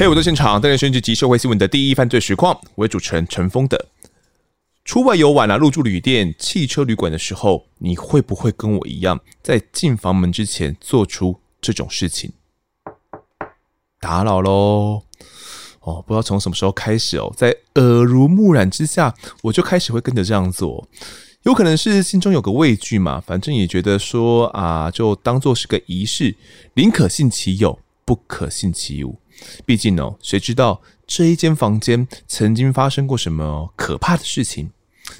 嘿、hey，我在現場帶來政治及社會新聞的第一犯罪實況，為主持人陳豐德。出外遊玩啊，入住旅店、汽車旅館的時候，你會不會跟我一樣，在進房門之前做出這種事情？打擾嘍！哦，不知道從什麼時候開始哦，在耳濡目染之下，我就開始會跟着這樣做、哦。有可能是心中有個畏懼嘛，反正也覺得說啊，就當做是個儀式，寧可信其有，不可信其無。畢竟哦，誰知道這一間房間曾經發生過什麼可怕的事情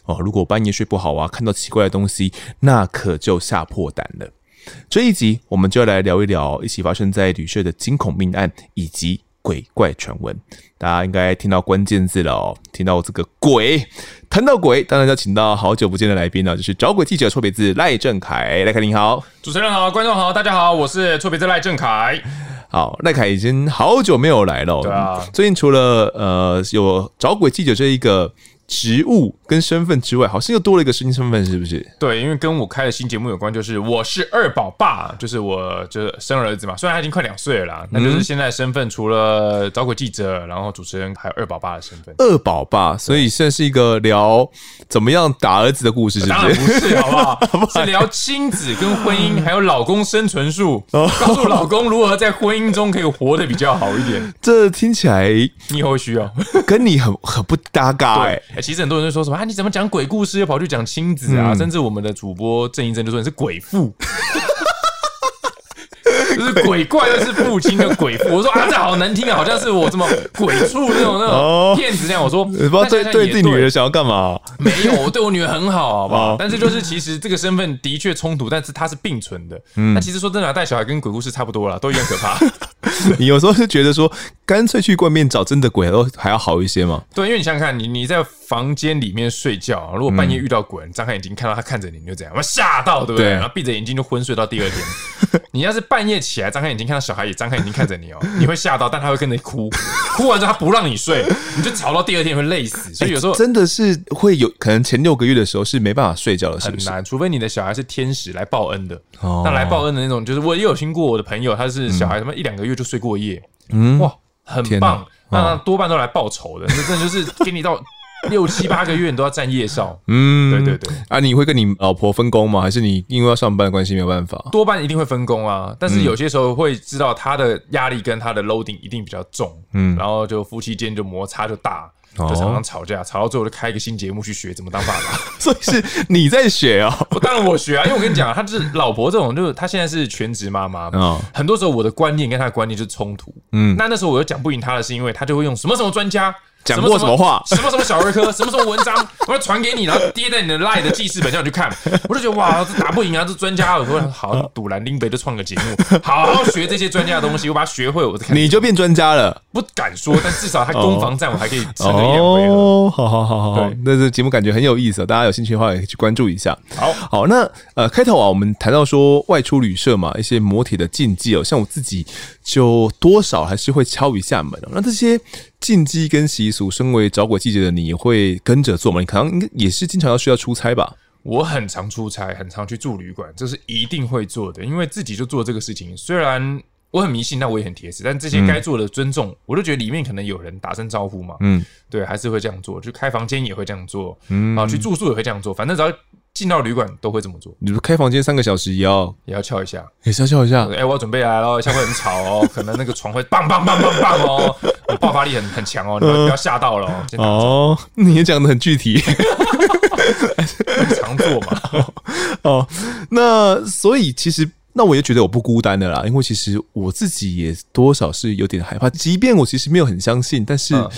哦？如果半夜睡不好啊，看到奇怪的東西，那可就嚇破膽了。這一集我們就要來聊一聊一起發生在旅社的驚恐命案以及鬼怪傳聞。大家應該聽到關鍵字了哦，聽到這個“鬼”，談到鬼，當然要請到好久不見的來賓了啊，就是找鬼記者錯別字賴正凱。賴凱，你好，主持人好，觀眾好，大家好，我是錯別字賴正凱。好，賴凱已經好久沒有來了。對啊。最近除了呃有找鬼記者這一個。職務跟身份之外，好像又多了一個新身份，是不是？對，因為跟我開的新節目有關，就是我是二寶爸，就是我就生兒子嘛，雖然他已經快兩歲了啦、嗯，那就是現在身份除了找鬼記者，然後主持人，還有二寶爸的身份。二寶爸，所以算是一個聊怎麼樣打兒子的故事，是不是？不是，好不好？ 是聊親子跟婚姻，還有老公生存術，告訴老公如何在婚姻中可以活得比較好一點。 這聽起來你以後需要跟你很很不搭嘎、欸。對其實很多人就說什麼啊？你怎麼講鬼故事又跑去講親子啊、嗯？甚至我們的主播鄭一正就說你是鬼父、嗯， 就是鬼怪又是父親的鬼父。我說啊，這好難聽的、啊，好像是我什麼鬼畜那種那種騙子這樣、哦。我說，不知道小小小對對，女的想要幹嘛、啊？沒有，我對我女兒很好，好不好、哦、但是就是其實這個身份的確衝突，但是它是並存的、嗯。那其實說真的，帶小孩跟鬼故事差不多了，都有點可怕。 你有時候是覺得說，乾脆去外面找真的鬼都還要好一些嘛？對，因為你想想看，你你在房間裡面睡覺啊，如果半夜遇到鬼，張開眼睛看到他看着你，你就這樣，他嚇到，對不對？對，然後閉着眼睛就昏睡到第二天。 你要是半夜起來，張開眼睛看到小孩也張開眼睛看着你哦、喔，你會嚇到，但他會跟着你哭，哭完之後他不讓你睡，你就吵到第二天會累死。所以有時候真的是會有可能前六個月的時候是沒辦法睡覺的，很難，除非你的小孩是天使來報恩的，那來報恩的那種，就是我也有聽過我的朋友，他是小孩什麼一兩個月就睡過夜，嗯，哇，很棒，那他多半都來報仇的，真的就是給你到。六七八個月你都要站夜哨，嗯，對對對，啊，你會跟你老婆分工嗎？還是你因為要上班的關係沒有辦法？多半一定會分工啊，但是有些時候會知道她的壓力跟她的 loading 一定比較重，嗯，然後就夫妻間就摩擦就大，嗯、就常常吵架、哦，吵到最後就開一個新節目去學怎麼當爸爸，所以是你在學哦， 當然我學啊，因為我跟你講、啊，他就是老婆這種就，就是她現在是全職媽媽，嗯、哦，很多時候我的觀念跟她的觀念就是衝突，嗯，那那時候我又講不贏她的是因為她就會用什麼什麼專家。講過什麼話？什麼什麼小兒科？ 什麼什麼文章？我會傳給你，然後貼在你的 LINE 的記事本上去看。我就覺得哇，這打不贏啊！這專家我說好，賭爛拎北就創個節目，好好、啊、學這些專家的東西，我把它學會，我看你就變專家了。不敢說，但至少他攻防戰我還可以撐個臉回。好好好好好，那這節目感覺很有意思，大家有興趣的話也可以去關注一下。好、oh. 好，那呃開頭啊，我們談到說外出旅社嘛，一些摩鐵的禁忌哦，像我自己就多少還是會敲一下門，那這些。禁忌跟習俗，身為找鬼記者，的你會跟着做嗎？你可能應該也是經常要需要出差吧？我很常出差，很常去住旅館，這是一定會做的，因為自己就做這個事情。雖然我很迷信，那我也很鐵齒，但這些該做的尊重、嗯，我就覺得裡面可能有人打聲招呼嘛。嗯，對，還是會這樣做，就開房間也會這樣做、嗯，啊，去住宿也會這樣做，反正只要。進到旅館都會這麼做，你說開房間三個小時也要也要翹一下，也是要翹一下。誒、欸、我要準備來了，一下會很吵哦、喔， 可能那個床會棒棒棒棒棒哦，爆發力很很強、喔呃喔、哦，你們不要嚇到了哦。哦，你也講的很具體，常做嘛。哦，那所以其實那我也覺得我不孤單的啦，因為其實我自己也多少是有點害怕，即便我其實沒有很相信，但是。嗯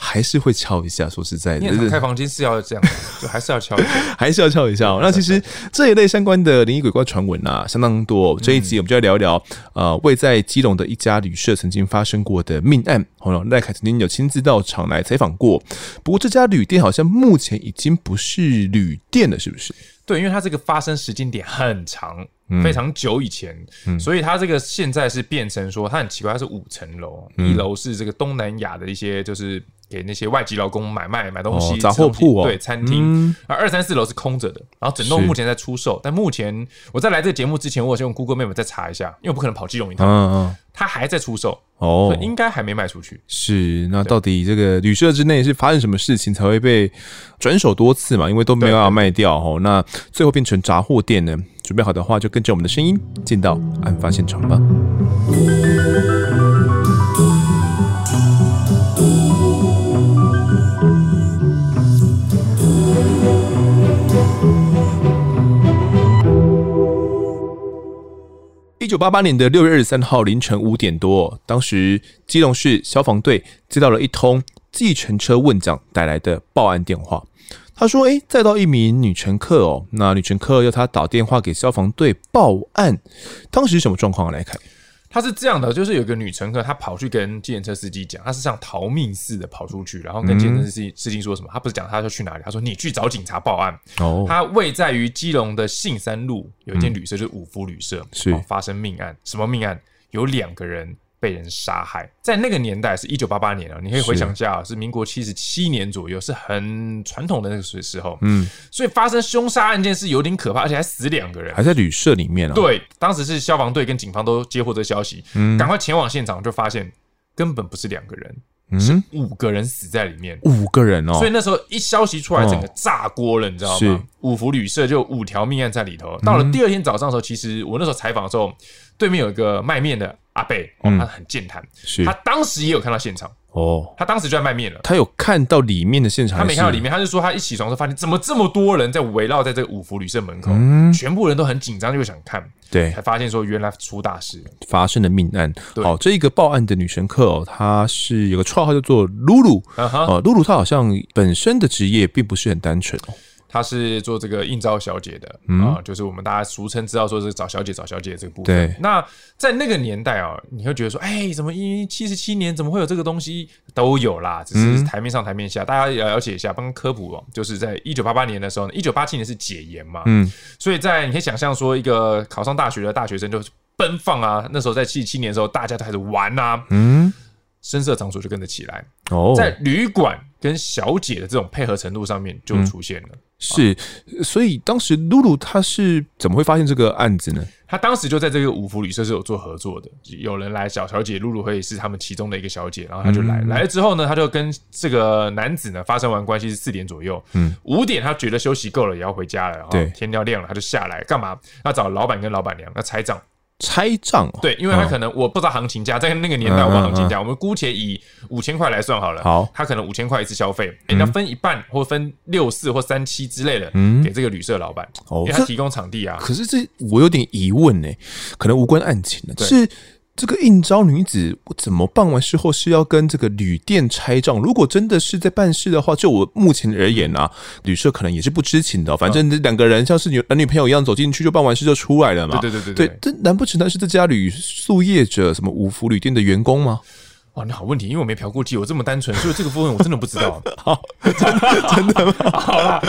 還是會敲一下，說實在的，開房間是要這樣，啊， 就還是要敲一下，還是要敲一下。那其實這一類相關的靈異鬼怪傳聞啊，相當多、嗯。這一集我們就要聊一聊、嗯，呃，位在基隆的一家旅社曾經發生過的命案。好、嗯，賴、嗯、凱、嗯、曾經有親自到場來採訪過。不過這家旅店好像目前已經不是旅店了，是不是？對，因為它這個發生時間點很長，嗯，非常久以前，嗯，所以它這個現在是變成說它很奇怪，它是五層樓，嗯，一樓是這個東南亞的一些就是。給那些外籍勞工買賣買東西，哦，雜貨鋪，哦，對餐廳，而二三四樓是空着的，然後整棟目前在出售。但目前我在來這個節目之前，我有先用 Google Map 妹妹再查一下，因為我不可能跑基隆一趟。嗯、啊、嗯，他還在出售哦，所以應該還沒賣出去。是，那到底這個旅社之內是發生什麼事情才會被轉手多次嘛？因為都沒有要賣掉哦，那最後變成雜貨店呢？準備好的話，就跟着我們的聲音進到案發現場吧。一九八八年的六月二十三號凌晨五點多，當時基隆市消防隊接到了一通計程車運將帶來的報案電話。他說：“哎、欸，載到一名女乘客哦，那女乘客要他打電話給消防隊報案。”當時什麼狀況？來看。他是這樣的，就是有個女乘客，她跑去跟計程車司機講，她是像逃命似的跑出去，然後跟計程車司機司機說什麼？他、嗯、不是講他要去哪裡，他說你去找警察報案。哦，他位在於基隆的信三路有一間旅社，嗯、就是五福旅社，是發生命案，什麼命案？有兩個人。被人殺害，在那個年代是1988年了，你可以回想一下，是，是民國七十七年左右，是很傳統的那個時時候，嗯，所以發生兇殺案件是有點可怕，而且還死兩個人，還在旅社裡面啊。對，當時是消防隊跟警方都接獲這個消息，嗯，趕快前往現場，就發現根本不是兩個人。嗯，是五個人死在裡面，嗯，五個人哦，所以那時候一消息出來，整個炸鍋了，哦，你知道嗎？是，五福旅社就五條命案在裡頭。到了第二天早上的時候，嗯、其實我那時候採訪的時候，對面有一個賣麵的阿伯，哦，他很健談，嗯，他當時也有看到現場。哦、oh，他當時就在賣麵了。他有看到裡面的現場，他沒看到裡面。他就說，他一起床就發現怎麼這麼多人在圍繞在這個五福旅社門口，嗯、全部人都很緊張，就想看。對，才發現說原來出大事了，發生了命案。好、哦，這一個報案的女乘客、哦，她是有個綽號叫做露露露露，哦 Lulu、她好像本身的職業並不是很單純他是做這個應召小姐的，嗯、啊，就是我們大家俗稱知道說是找小姐、找小姐這個部分。對，那在那個年代啊，喔，你會覺得說，哎，欸，怎麼一七十七年怎麼會有這個東西？都有啦，只是台面上台面下，嗯、大家也要了解一下，幫科普哦，喔。就是在一九八八年的時候，一九八七年是解嚴嘛，嗯，所以在你可以想象說，一個考上大學的大學生就奔放啊，那時候在七十七年的時候，大家都開始玩啊，嗯，聲色場所就跟着起來哦，在旅館。跟小姐的這種配合程度上面就出現了，嗯、是，所以當時露露她是怎麼會發現這個案子呢？她當時就在這個五福旅社是有做合作的，有人來找小、小姐，露露也是他們其中的一個小姐，然後她就來、嗯，來了之後呢，她就跟這個男子呢發生完關係是四點左右，嗯，五點她覺得休息夠了，也要回家了，對，天要亮了，她就下來幹嘛？她找老板跟老板娘，她拆帳。拆賬對，因為他可能我不知道行情價、嗯，在那個年代我不知道行情價、嗯嗯嗯，我們姑且以五千塊來算好了。好，他可能五千塊一次消費，人、嗯、家分一半或分六四或三七之類的，給這個旅社老板給、嗯哦、他提供場地啊。可是這我有點疑問呢、欸，可能無關案情了，對就是。這個應召女子我怎麼辦完事後是要跟這個旅店拆賬如果真的是在辦事的話，就我目前而言啊，旅社可能也是不知情的。反正這兩個人像是男女朋友一樣走進去，就辦完事就出來了嘛。對對對對，對。對，難不成他是這家旅宿業者什麼五福旅店的員工嗎？哇，那好問題，因為我沒嫖過妓，我這麼單純，所以這個部分我真的不知道。 好，真的真的嗎？ 好啦，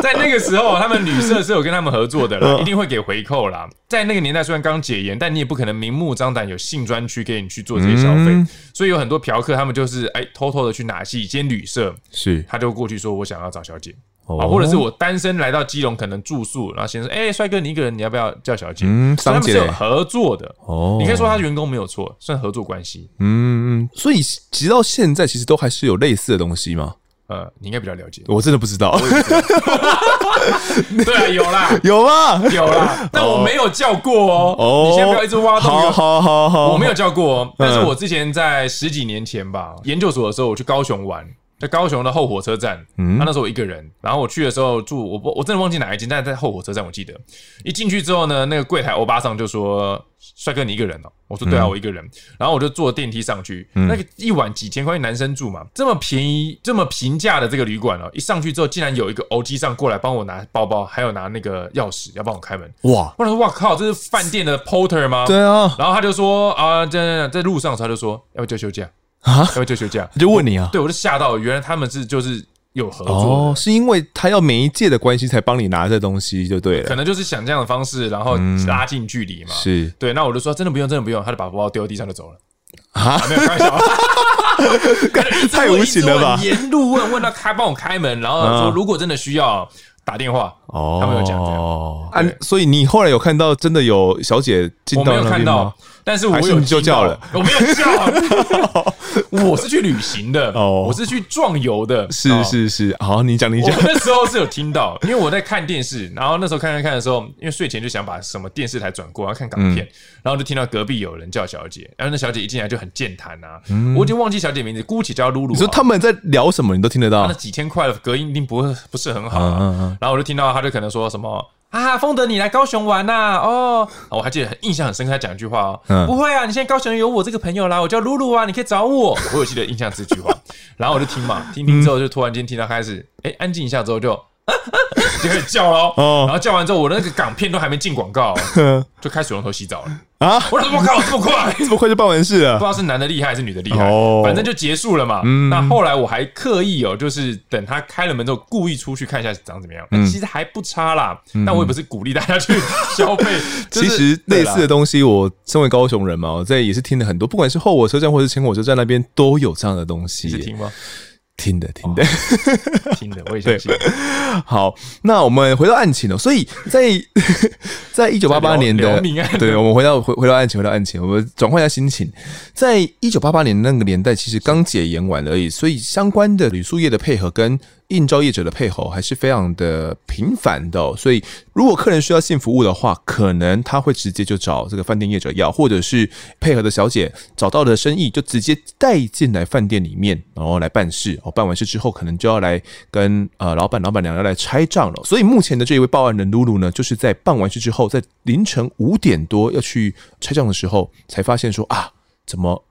在那個時候，他們旅社是有跟他們合作的啦，no. 一定會給回扣啦。在那個年代，雖然剛解嚴，但你也不可能明目張膽有性專區給你去做這些消費，mm -hmm. 所以有很多嫖客他們就是哎、欸，偷偷的去拿。戲兼旅社，是他就過去說，我想要找小姐。啊、哦，或者是我單身來到基隆，可能住宿，然後先生，誒、欸、帥哥，你一個人，你要不要叫小姐？嗯，三姐他們是有合作的哦。你可以說他是員工沒有錯，算合作關係。嗯，所以直到現在，其實都還是有類似的東西嗎？呃，你應該比較了解。我真的不知道。 對，啊，有啦，有嗎，有啦。但我沒有叫過哦。哦，你先不要一直挖洞哦。好好好，我沒有叫過。但是我之前在十幾年前吧，嗯、研究所的時候，我去高雄玩。在高雄的後火車站，嗯，那、啊、那時候我一個人，然後我去的時候住，我我真的忘記哪一間，但是在後火車站我記得，一進去之後呢，那個櫃檯歐巴桑就說：“帥哥，你一個人哦？”我說：“對啊、嗯，我一個人。”然後我就坐電梯上去，嗯、那個一晚幾千塊錢男生住嘛，這麼便宜、這麼平價的這個旅館哦，一上去之後竟然有一個歐吉桑過來幫我拿包包，還有拿那個鑰匙要幫我開門，哇！我說：“哇靠，這是飯店的 porter 嗎？”對啊，然後他就說：“啊，在在在路上，他就說要不要休假、啊？”啊！他就就這樣，就問你啊。我對我就嚇到，原來他們是就是有合作、哦。是因為他要每一屆的關係才幫你拿這東西，就對了。可能就是想這樣的方式，然後拉近距離嘛。嗯、是對。那我就說真的不用，真的不用，他就把包包丟地上就走了。啊，沒有開玩笑， 太無情了吧？沿路問問到開，幫我開門，然後說如果真的需要打電話哦，他們有講這樣。啊，所以你後來有看到真的有小姐進到那裡嗎？我沒有看到。但是我有是你就叫了，我沒有叫、啊， 我，我是去旅行的、哦，我是去壯遊的，是是是，好，你講你講，那時候是有聽到，因為我在看電視，然後那時候看看看的時候，因為睡前就想把什麼電視台轉過，要看港片，嗯，然後就聽到隔壁有人叫小姐，然後那小姐一進來就很健談啊、嗯，我已經忘記小姐名字，姑且叫露露，你說他們在聊什麼，你都聽得到，那幾千塊的隔音一定不會不是很好，啊，然後我就聽到他就可能說什麼。啊，豐德，你來高雄玩吶、啊？哦、 啊，我還記得很印象很深刻，他講一句話哦，嗯、不會啊，你現在高雄有我這個朋友啦，我叫露露啊，你可以找我。我有記得印象這句話， 然後我就聽嘛，聽聽之後就突然間聽到開始，哎、嗯欸，安靜一下之後就。 就開始叫嘍，哦、然後叫完之後，我那個港片都還沒進廣告、啊，呵呵就開水龍頭洗澡了啊！我怎麼搞我這麼快？怎麼快就辦完事了？不知道是男的厲害還是女的厲害，哦、反正就結束了嘛。嗯、那後來我還刻意哦，就是等他開了門之後，故意出去看一下長怎麼樣。那、嗯欸、其實還不差啦，嗯、但我也不是鼓勵大家去消費、嗯就是。其實類似的東西，我身為高雄人嘛，我在也是聽了很多，不管是後火車站或是前火車站那邊都有這樣的東西，你是聽嗎？聽的聽的，聽的、哦、聽的我也相信。 好，那我們回到案情了。所以在在一九八八年的對，我們回到回回到案情，回到案情，我們轉換一下心情。在一九八八年的那個年代，其實剛解嚴完了而已，所以相關的旅宿業的配合跟。應招業者的配合還是非常的頻繁的哦，所以如果客人需要性服務的話，可能他會直接就找這個飯店業者要，或者是配合的小姐找到的生意就直接帶進來飯店裡面，然後來辦事。哦，辦完事之後，可能就要來跟呃老板、老板娘要來拆賬了。所以目前的這一位報案人露露呢，就是在辦完事之後，在凌晨五點多要去拆賬的時候，才發現說啊，怎麼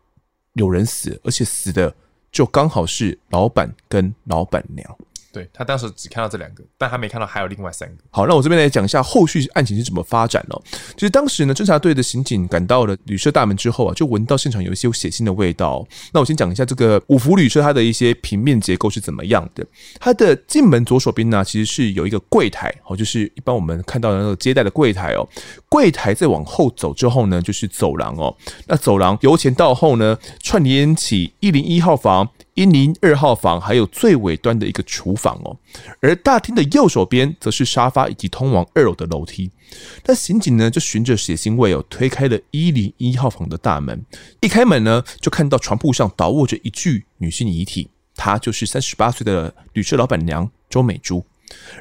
有人死，而且死的就剛好是老板跟老板娘。對他當時只看到這兩個，但他沒看到還有另外三個。好，那我這邊來講一下後續案情是怎麼發展哦。其實當時呢，偵查隊的刑警趕到了旅社大門之後啊，就聞到現場有一些血腥的味道哦。那我先講一下這個五福旅社它的一些平面結構是怎麼樣的。它的進門左手邊呢，其實是有一個櫃檯，哦，就是一般我們看到的那個接待的櫃檯哦。櫃檯再往後走之後呢，就是走廊哦。那走廊由前到後呢，串聯起一零一號房，一零二號房還有最尾端的一個廚房哦、喔，而大廳的右手邊則是沙發以及通往二樓的樓梯。那刑警呢就循着血腥味哦、喔，推開了一零一號房的大門，一開門呢就看到床鋪上倒臥着一具女性遺體，她就是三十八歲的旅社老板娘周美珠。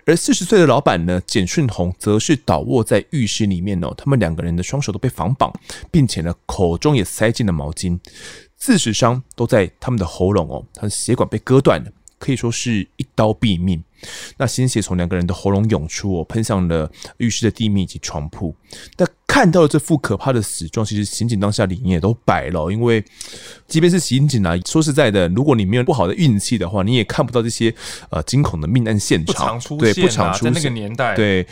而四十歲的老板呢簡順宏則是倒臥在浴室裡面哦、喔，他們兩個人的雙手都被反綁，並且呢口中也塞進了毛巾。自死傷都在他們的喉嚨哦、喔，他的血管被割斷了，可以說是一刀斃命。那鮮血從兩個人的喉嚨湧出哦、喔，噴向了浴室的地面以及床鋪。那看到了這副可怕的死狀，其實刑警當下臉也都白了、喔。因為即便是刑警啊，說實在的，如果你沒有不好的運氣的話，你也看不到這些呃驚恐的命案現場。不常出現、啊、對，不常出現。在那個年代，對。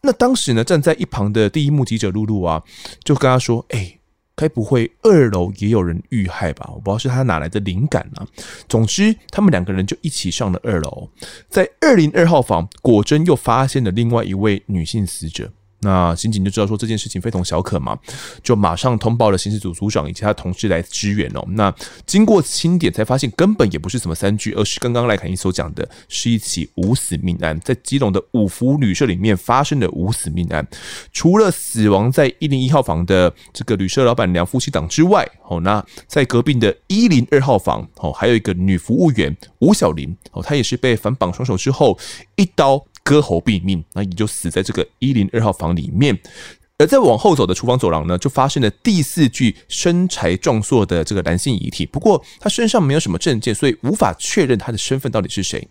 那當時呢，站在一旁的第一目擊者露露啊，就跟他說：“哎、欸。”該不會二樓也有人遇害吧？我不知道是他哪來的靈感呢、啊。總之，他們兩個人就一起上了二樓，在二零二號房，果真又發現了另外一位女性死者。那刑警就知道說，這件事情非同小可嘛，就馬上通報了刑事組組長以及他同事來支援哦、喔。那經過清點才發現，根本也不是什麼三具，而是剛剛賴凱英所講的，是一起五死命案，在基隆的五福旅社裡面發生的五死命案。除了死亡在一零一號房的這個旅社老闆娘夫妻檔之外，哦，那在隔壁的一零二號房，哦，還有一個女服務員吳小林，哦，她也是被反綁雙手之後一刀。割喉斃命，那你就死在這個一零二號房裡面。而在往後走的廚房走廊呢，就發現了第四具身材壯碩的這個男性遺體，不過他身上沒有什麼證件，所以無法確認他的身份到底是誰。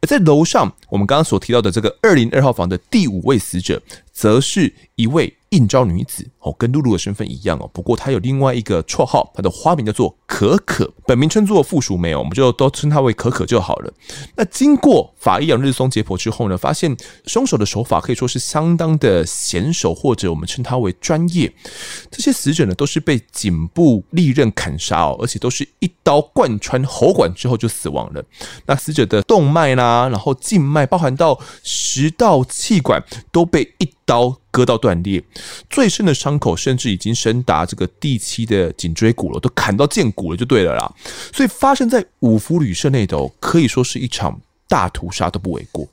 而在樓上，我們剛剛所提到的這個二零二號房的第五位死者，則是一位應召女子哦，跟露露的身份一樣哦。不過她有另外一個綽號，她的花名叫做可可，本名稱作附屬沒有，我們就都稱她為可可就好了。那經過法醫楊日松解剖之後呢，發現兇手的手法可以說是相當的嫻熟，或者我們稱他為專業。這些死者呢，都是被頸部利刃砍殺哦，而且都是一刀貫穿喉管之後就死亡了。那死者的動脈啦、啊，然後靜脈，包含到食道、氣管，都被一刀割到斷裂，最深的傷口甚至已經深達這個第七的頸椎骨了，都砍到見骨了，就對了啦。所以發生在五福旅社內的，可以說是一場大屠殺都不為過。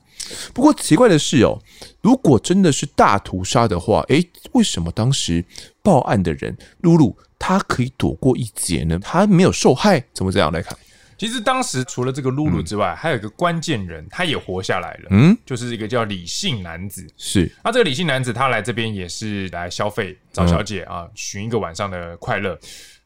不過奇怪的是哦，如果真的是大屠殺的話，誒、欸，為什麼當時報案的人露露她可以躲過一劫呢？她沒有受害，怎麼這樣來看？其實當時除了這個露露之外，還、嗯、有一個關鍵人，他也活下來了，嗯，就是一個叫李姓男子。是，那這個李姓男子他來這邊也是來消費找小姐啊，尋、嗯、一個晚上的快樂。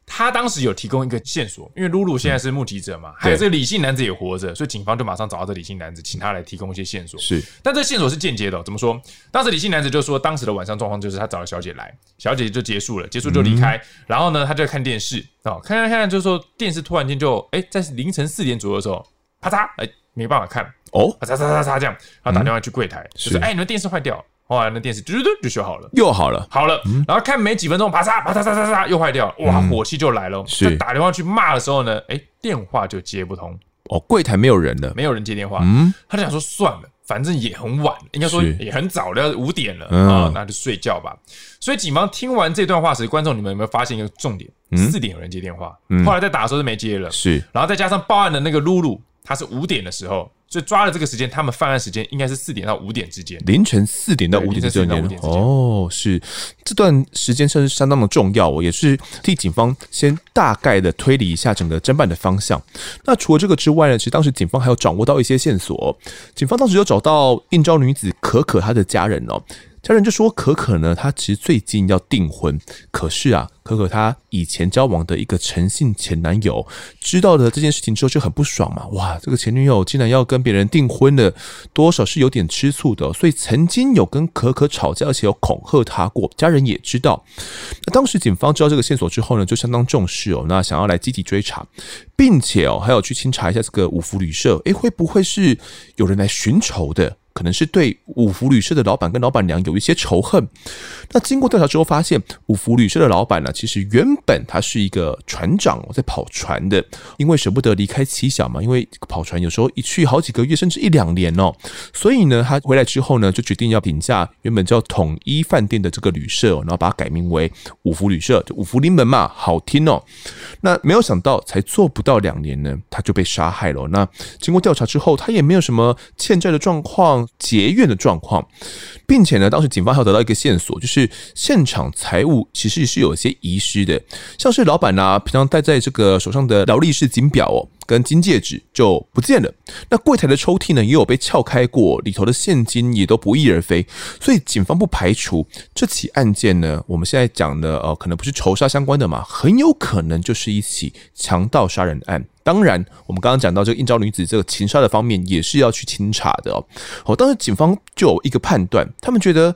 他當時有提供一個線索，因為露露現在是目擊者嘛、嗯，還有這個李姓男子也活着，所以警方就馬上找到這李姓男子，請他來提供一些線索。是，但這個線索是間接的。怎麼說？當時李姓男子就說，當時的晚上狀況就是他找了小姐來，小姐就結束了，結束就離開、嗯，然後呢，他就看電視哦、喔，看看看看，就說電視突然間就哎、欸，在凌晨四點左右的時候，啪嚓，哎、欸，沒辦法看，哦，啪嚓嚓嚓嚓這樣，然後打電話去櫃檯、嗯，就說哎、欸，你們電視壞掉了。後來那電視，嘟嘟嘟就修好了，又好了，好了。然後看沒幾分鐘，啪嚓啪嚓嚓嚓嚓，又壞掉了。哇，火氣就來了，就打電話去罵的時候呢，哎，電話就接不通。哦，櫃檯沒有人了，沒有人接電話。嗯，他就想說算了，反正也很晚，應該說也很早了，要五點了啊、嗯嗯，哦、那就睡覺吧。所以警方聽完這段話時，觀眾你們有沒有發現一個重點？四點有人接電話，後來再打的時候就沒接了。是，然後再加上報案的那個露露，她是五點的時候。就抓了這個時間，他們犯案時間應該是四點到五點之間，凌晨四點到五點之間哦，是。這段時間算是相當的重要。我也是替警方先大概的推理一下整個偵辦的方向。那除了這個之外呢，其實當時警方還有掌握到一些線索，警方當時有找到應召女子可可她的家人哦。家人就說：“可可呢，她其實最近要訂婚，可是啊，可可她以前交往的一個陳姓前男友，知道了這件事情之後就很不爽嘛。哇，這個前女友竟然要跟別人訂婚了，多少是有點吃醋的，哦。所以曾經有跟可可吵架，而且有恐嚇她過。家人也知道。那當時警方知道這個線索之後呢，就相當重視哦。那想要來積極追查，並且哦，還有去清查一下這個五福旅社，誒、欸，會不會是有人來尋仇的？”可能是對五福旅社的老闆跟老闆娘有一些仇恨。那經過調查之後，發現五福旅社的老闆呢，其實原本他是一個船長，在跑船的。因為捨不得離開妻小嘛，因為跑船有時候一去好幾個月，甚至一兩年哦、喔。所以呢，他回來之後呢，就決定要頂下原本叫統一飯店的這個旅社，然後把它改名為五福旅社，就五福臨門嘛，好聽哦、喔。那沒有想到，才做不到兩年呢，他就被殺害了。那經過調查之後，他也沒有什麼欠債的狀況。結怨的狀況，並且呢，當時警方還有得到一個線索，就是現場財物其實是有些遺失的，像是老板啊，平常戴在這個手上的勞力士金錶哦，跟金戒指就不見了，那櫃台的抽屜呢也有被撬開過，裡頭的現金也都不翼而飛，所以警方不排除這起案件呢，我們現在講的哦，可能不是仇殺相關的嘛，很有可能就是一起強盜殺人案。當然，我們剛剛講到這個應召女子這個情殺的方面，也是要去清查的哦。哦，當時警方就有一個判斷，他們覺得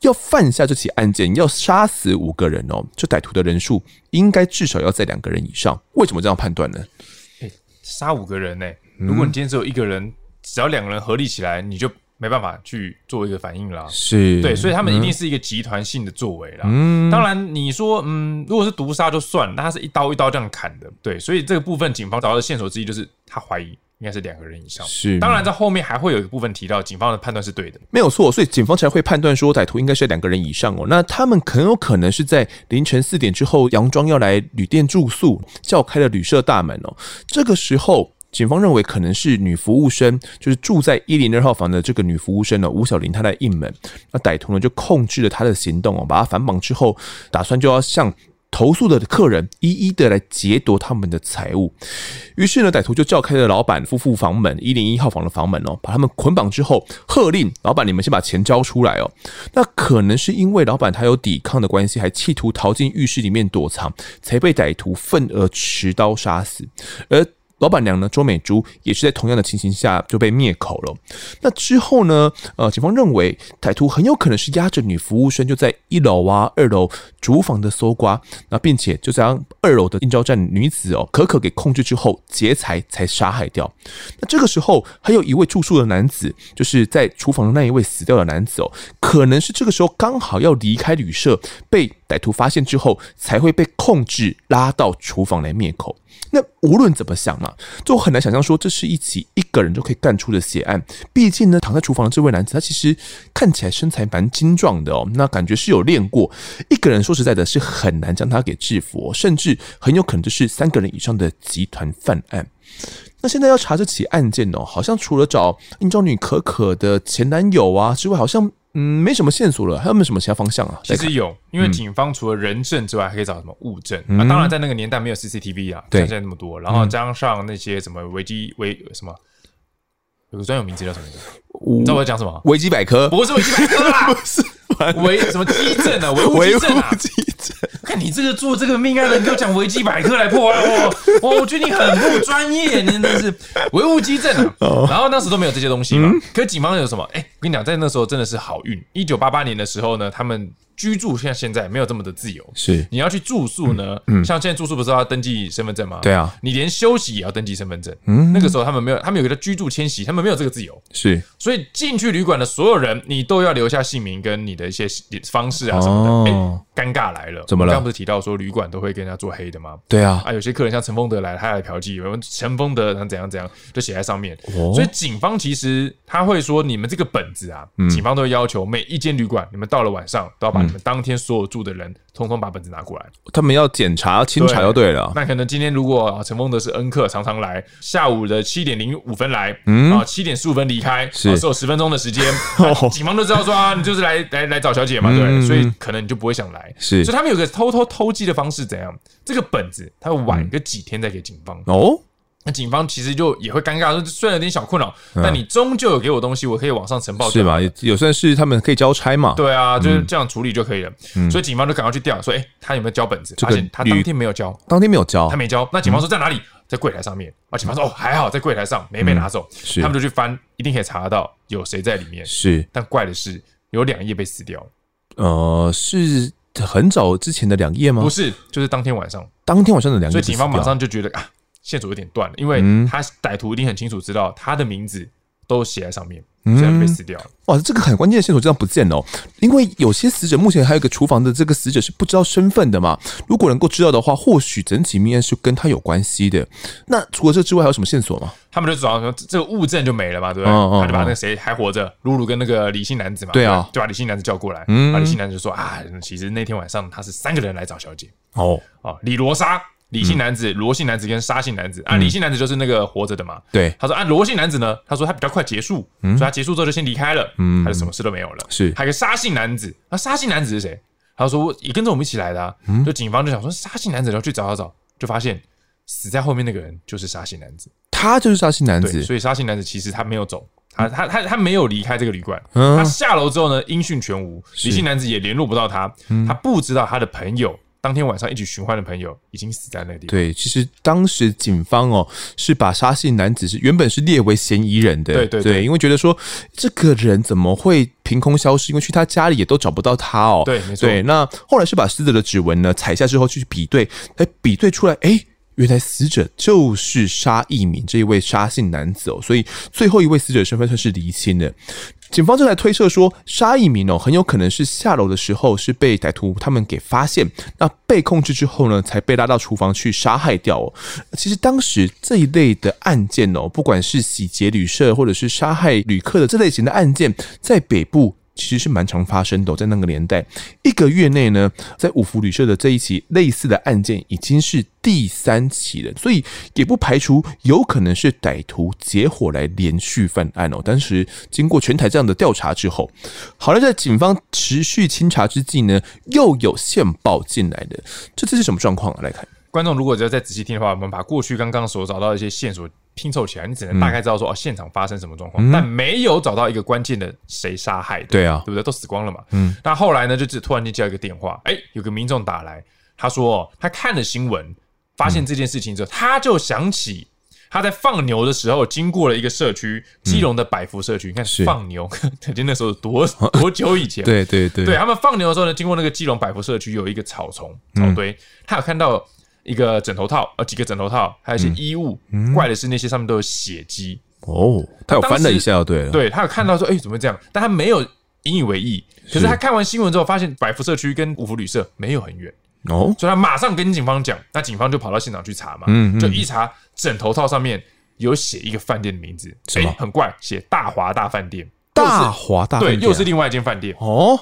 要犯下這起案件，要殺死五個人哦、喔，這歹徒的人數應該至少要在兩個人以上。為什麼這樣判斷呢？欸，殺五個人呢、欸嗯？如果你今天只有一個人，只要兩個人合力起來，你就。沒辦法去做一個反應啦，是、是、嗯、對，所以他們一定是一個集團性的作為啦。嗯，當然你說，嗯，如果是毒殺就算了，但他是一刀一刀這樣砍的，對，所以這個部分警方找到的線索之一就是他懷疑應該是兩個人以上。是，當然在後面還會有一個部分提到警方的判斷是對的、嗯嗯，沒有錯。所以警方才會判斷說歹徒應該是兩個人以上哦、喔，那他們很有可能是在凌晨四點之後佯裝要來旅店住宿，叫開了旅社大門哦、喔，這個時候。警方認為，可能是女服務生，就是住在一零二號房的這個女服務生呢，吳小玲，她在應門，那歹徒呢就控制了她的行動哦，把她反綁之後，打算就要向投宿的客人一一的來劫奪他們的財物。於是呢，歹徒就叫開了老闆夫婦房門，一零一號房的房門哦，把他們捆綁之後，喝令老闆你們先把錢交出來哦。那可能是因為老闆他有抵抗的關係，還企圖逃進浴室裡面躲藏，才被歹徒憤而持刀殺死，而。老闆娘呢，周美珠也是在同樣的情形下就被滅口了。那之後呢，呃，警方認為歹徒很有可能是壓着女服務生，就在一樓啊、二樓廚房的搜刮，那並且就將二樓的應召站女子哦，可可給控制之後劫財才殺害掉。那這個時候還有一位住宿的男子，就是在廚房的那一位死掉的男子哦，可能是這個時候剛好要離開旅社被歹徒發現之後才會被控制，拉到廚房來滅口。那無論怎麼想嘛、啊，就很難想象說這是一起一個人就可以幹出的血案。畢竟呢，躺在廚房的這位男子，他其實看起來身材蠻精壯的哦，那感覺是有練過。一個人說實在的，是很難將他給制服、哦，甚至很有可能就是三個人以上的集團犯案。那現在要查這起案件呢、哦，好像除了找應召女可可的前男友啊之外，好像。嗯，沒什麼線索了，還有沒有什麼其他方向啊？其實有，因為警方除了人證之外，還可以找什麼物證。那、嗯啊、當然，在那個年代沒有 CCTV 啊，對，現在那麼多。然後加上那些什麼危機危什麼。有專有名詞叫什麼名字？你知道我要講什麼？維基百科，不是維基百科啦， 不是維什麼基正啊？維物基正啊？基正，看你這個做這個命案的，你給我講維基百科來破案，我我覺得你很不專業，你真的是維物基正啊、哦。然後當時都沒有這些東西嘛、嗯，可是警方有什麼？哎，我跟你講，在那時候真的是好運。一九八八年的時候呢，他們。居住像現在沒有這麼的自由，是你要去住宿呢？嗯，嗯，像現在住宿不是要登記身份證嗎？對啊，你連休息也要登記身份證，嗯，那個時候他們沒有，他們有一個居住遷徙，他們沒有這個自由，是，所以進去旅館的所有人，你都要留下姓名跟你的一些方式啊什麼的，哎、哦。欸尷尬來了，怎麼了？剛不是提到說旅館都會跟人家做黑的嗎？對啊，啊，有些客人像陳豐德來他來嫖妓，有人問陳豐德怎樣怎樣，怎樣就寫在上面。哦。所以警方其實他會說，你們這個本子啊。嗯，警方都會要求每一間旅館，你們到了晚上都要把你們當天所有住的人，嗯、統統把本子拿過來。他們要檢查清查就對了對。那可能今天如果陳豐、啊、德是恩客，常常來，下午的七點零五分來，嗯、啊，七點十五分離開，是、啊、是有十分鐘的時間。哦啊，警方都知道說，啊，你就是來來來找小姐嘛、嗯，對，所以可能你就不會想來。是，所以他們有個偷偷偷雞的方式，怎樣？這個本子他會晚個幾天再給警方哦。那、嗯、警方其實就也會尷尬，雖然有點小困擾、嗯。但你終究有給我東西，我可以往上呈報，對吧？也算是他們可以交差嘛。對啊，就是這樣處理就可以了。嗯、所以警方就趕快去調，說：“哎、欸，他有沒有交本子？”發、嗯、現他當天沒有交，這個、當天沒有交、啊，他沒交。那警方說在哪裡？嗯、在櫃檯上面。而且他說：“哦，還好，在櫃檯上沒被拿走。嗯是”他們就去翻，一定可以查得到有誰在裡面。是，但怪的是有兩頁被撕掉。呃，是。這很早之前的兩頁嗎？不是，就是當天晚上，當天晚上的兩頁，所以警方馬上就覺得啊，線索有點斷了，因為他歹徒一定很清楚知道他的名字都寫在上面。現在被撕掉了、嗯！哇，這個很關鍵的線索這樣不見了、哦，因為有些死者目前還有一個廚房的這個死者是不知道身份的嘛。如果能夠知道的話，或許整起命案是跟他有關係的。那除了這之外，還有什麼線索嗎？他們就主要說這個物證就沒了嘛，對不對？哦哦，他就把那個誰還活着，露露跟那個李姓男子嘛，對啊、哦，就把李姓男子叫過來。嗯，把李姓男子就說啊，其實那天晚上他是三個人來找小姐哦哦，李羅莎。李姓男子、嗯、羅姓男子跟沙姓男子、嗯、啊，李姓男子就是那個活着的嘛。對，他說啊，羅姓男子呢，他說他比較快結束，嗯、所以他結束之後就先離開了，嗯，他就什麼事都沒有了。是，還有個沙姓男子啊，沙姓男子是誰？他說我也跟着我們一起來的啊。嗯，就警方就想說沙姓男子然後去找找找，就發現死在後面那個人就是沙姓男子，他就是沙姓男子。對，所以沙姓男子其實他沒有走，他、嗯、他他他，他沒有離開這個旅館。嗯，他下樓之後呢，音訊全無，是，李姓男子也聯絡不到他、嗯，他不知道他的朋友。當天晚上一起尋歡的朋友已經死在那裡。對，其實當時警方哦、喔、是把殺姓男子是原本是列為嫌疑人的，對對對，對因為覺得說這個人怎麼會憑空消失？因為去他家裡也都找不到他哦、喔。對沒，沒錯。那後來是把死者的指紋呢採下之後去比對，哎，比對出來，哎、欸，原來死者就是沙一鳴這一位殺姓男子哦、喔，所以最後一位死者的身份算是釐清了。警方正在推測說，沙益民哦，很有可能是下樓的時候是被歹徒他們給發現，那被控制之後呢，才被拉到廚房去殺害掉。哦，其實當時這一類的案件哦，不管是洗劫旅社或者是殺害旅客的這類型的案件，在北部。其實是蠻常發生的喔，在那個年代，一個月內呢，在五福旅社的這一起類似的案件已經是第三起了，所以也不排除有可能是歹徒結夥來連續犯案哦、喔。當時經過全台這樣的調查之後，好了，在警方持續清查之際呢，又有線報進來的，這這是什麼狀況啊？來看觀眾如果只要再仔細聽的話，我們把過去剛剛所找到的一些線索，拼湊起來，你只能大概知道說、嗯、哦，現場發生什麼狀況、嗯，但沒有找到一個關鍵的誰殺害的。對、嗯、啊，對不對？都死光了嘛。嗯。那後來呢，就突然間接到一個電話，誒，有個民眾打來，他說他看了新聞，發現這件事情之後，嗯、他就想起他在放牛的時候，經過了一個社區，基隆的百福社區。嗯、你看是放牛，肯定那時候多、哦、多久以前？ 對，對對對。對他們放牛的時候呢，經過那個基隆百福社區有一個草叢草堆、嗯，他有看到。一個枕頭套，呃，幾個枕頭套，還有一些衣物。嗯嗯、怪的是那些上面都有血跡哦。他有翻了一下，對了，他對他有看到說，哎、嗯，怎麼會這樣？但他沒有引以為意。可是他看完新聞之後，發現百福社區跟五福旅社沒有很遠哦，所以他馬上跟警方講，那警方就跑到現場去查嘛，嗯，嗯就一查枕頭套上面有寫一個飯店的名字，什麼很怪，寫大華大飯店，又是大華大飯店、啊、對，又是另外一間飯店哦。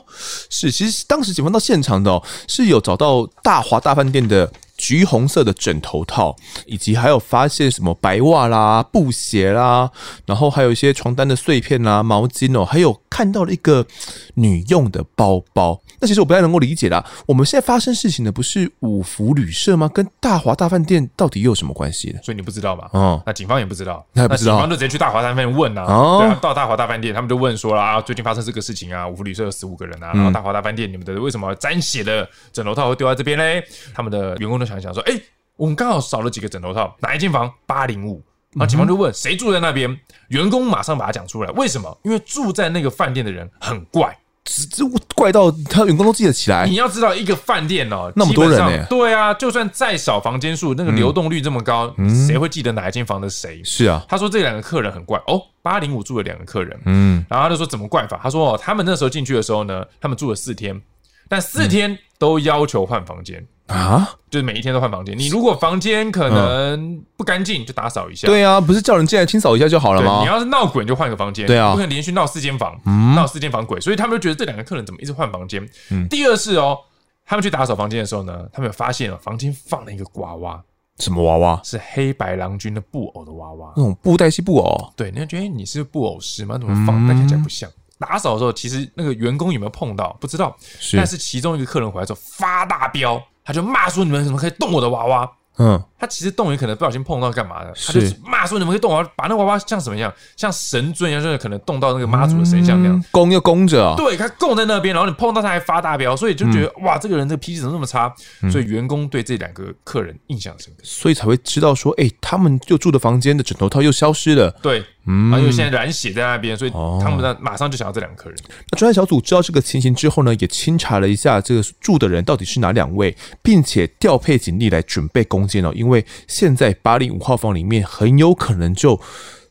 是，其實當時警方到現場的、哦，是有找到大華大飯店的。橘紅色的枕頭套，以及還有發現什麼白襪啦、布鞋啦，然後還有一些床單的碎片啦、毛巾哦，還有看到了一個女用的包包。那其實我不太能夠理解啦。我們現在發生事情的不是五福旅社嗎？跟大華大飯店到底有什麼關係呢？所以你不知道嘛？哦，那警方也不知道，他也不知道。那警方就直接去大華大飯店問啦、啊。哦，對啊、到大華大飯店，他們就問說啦：啊，最近發生這個事情啊，五福旅社有十五個人啊。然後大華大飯店，你們的為什麼沾血的枕頭套會丟在這邊嘞、嗯？他們的員工都想一想說：哎、欸，我們剛好少了幾個枕頭套，哪一間房？八零五。那警方就問誰、嗯、住在那邊，員工馬上把他講出來。為什麼？因為住在那個飯店的人很怪。只怪到他員工都記得起來。你要知道，一個飯店哦，那麼多人，欸、對啊，就算再少房間數，那個流動率這麼高，誰、嗯、會記得哪一間房的誰？是啊，他說這兩個客人很怪哦，八零五住了兩個客人，嗯，然後他就說怎麼怪法？他說、哦、他們那時候進去的時候呢，他們住了四天，但四天都要求換房間。嗯嗯啊，就是每一天都換房間。你如果房間可能不乾淨、嗯，就打掃一下。對啊，不是叫人進來清掃一下就好了嗎？你要是鬧鬼，就換個房間。對啊，不可能連續鬧四間房，鬧、嗯、四間房鬼。所以他們就覺得這兩個客人怎麼一直換房間、嗯。第二是哦，他們去打掃房間的時候呢，他們有發現啊，房間放了一個娃娃。什麼娃娃？是黑白郎君的布偶的娃娃，那種布袋戲布偶。對，人家覺得你是布偶師嗎？怎麼放大家、嗯、不像？打掃的時候，其實那個員工有沒有碰到不知道是，但是其中一個客人回來之後發大飆。他就罵說，你們怎麼可以動我的娃娃？嗯，他其實動也可能不小心碰到幹嘛的，他就罵說你們可以動娃娃，把那娃娃像什麼一樣，像神尊一樣，就是可能動到那個媽祖的神像那樣、嗯，供又供着。對，他供在那邊，然後你碰到他還發大飆，所以就覺得、嗯、哇，這個人這個脾氣怎麼那麼差？嗯、所以員工對這兩個客人印象深刻，所以才會知道說，哎、欸，他們就住的房間的枕頭套又消失了。對。嗯、啊，因為現在染血在那邊，所以他們呢馬上就想到這兩個人。哦、那專案小組知道這個情形之後呢，也清查了一下這個住的人到底是哪兩位，並且調配警力來準備攻堅了、哦。因為現在八零五號房裡面很有可能就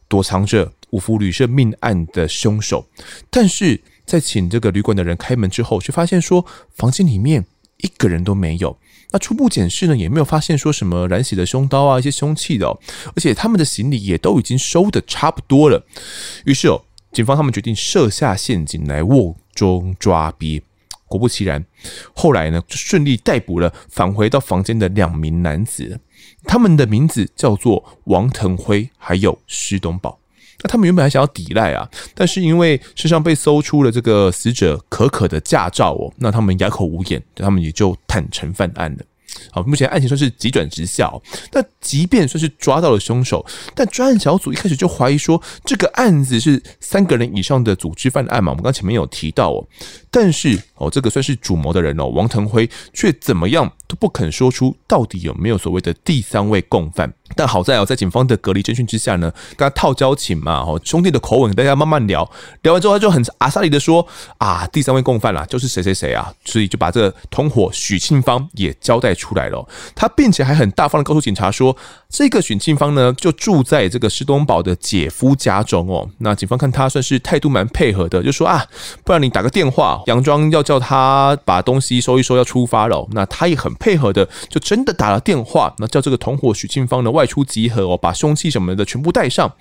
躲藏着五福旅社命案的兇手，但是在請這個旅館的人開門之後，卻發現說房間裡面一個人都沒有。那初步檢視呢，也沒有發現說什麼染血的凶刀啊，一些凶器的、哦，而且他們的行李也都已經收的差不多了。於是哦，警方他們決定設下陷阱來甕中抓鱉。果不其然，後來呢順利逮捕了返回到房間的兩名男子，他們的名字叫做王騰輝，還有施東寶。那他們原本還想要抵賴啊，但是因為身上被搜出了這個死者可可的駕照哦，那他們啞口無言，他們也就坦承犯案了。好，目前案情算是急轉直下，哦，那即便算是抓到了兇手，但專案小組一開始就懷疑說這個案子是三個人以上的組織犯案嘛，我們剛前面有提到哦，但是哦，這個算是主謀的人哦，王騰輝卻怎麼樣都不肯說出到底有沒有所謂的第三位共犯。但好在哦，在警方的隔離偵訊之下呢，跟他套交情嘛，吼，兄弟的口吻，大家慢慢聊。聊完之後，他就很阿莎里的說啊，第三位共犯啦、啊，就是誰誰誰啊，所以就把這同夥許慶芳也交代出來了。他並且還很大方的告訴警察說，這個許慶芳呢，就住在這個施東寶的姐夫家中哦、喔。那警方看他算是態度蠻配合的，就說啊，不然你打個電話，佯裝要叫他把東西收一收，要出發了、喔。那他也很配合的，就真的打了電話，那叫這個同夥許慶芳的外。外出集合哦，把兇器什麼的全部帶上。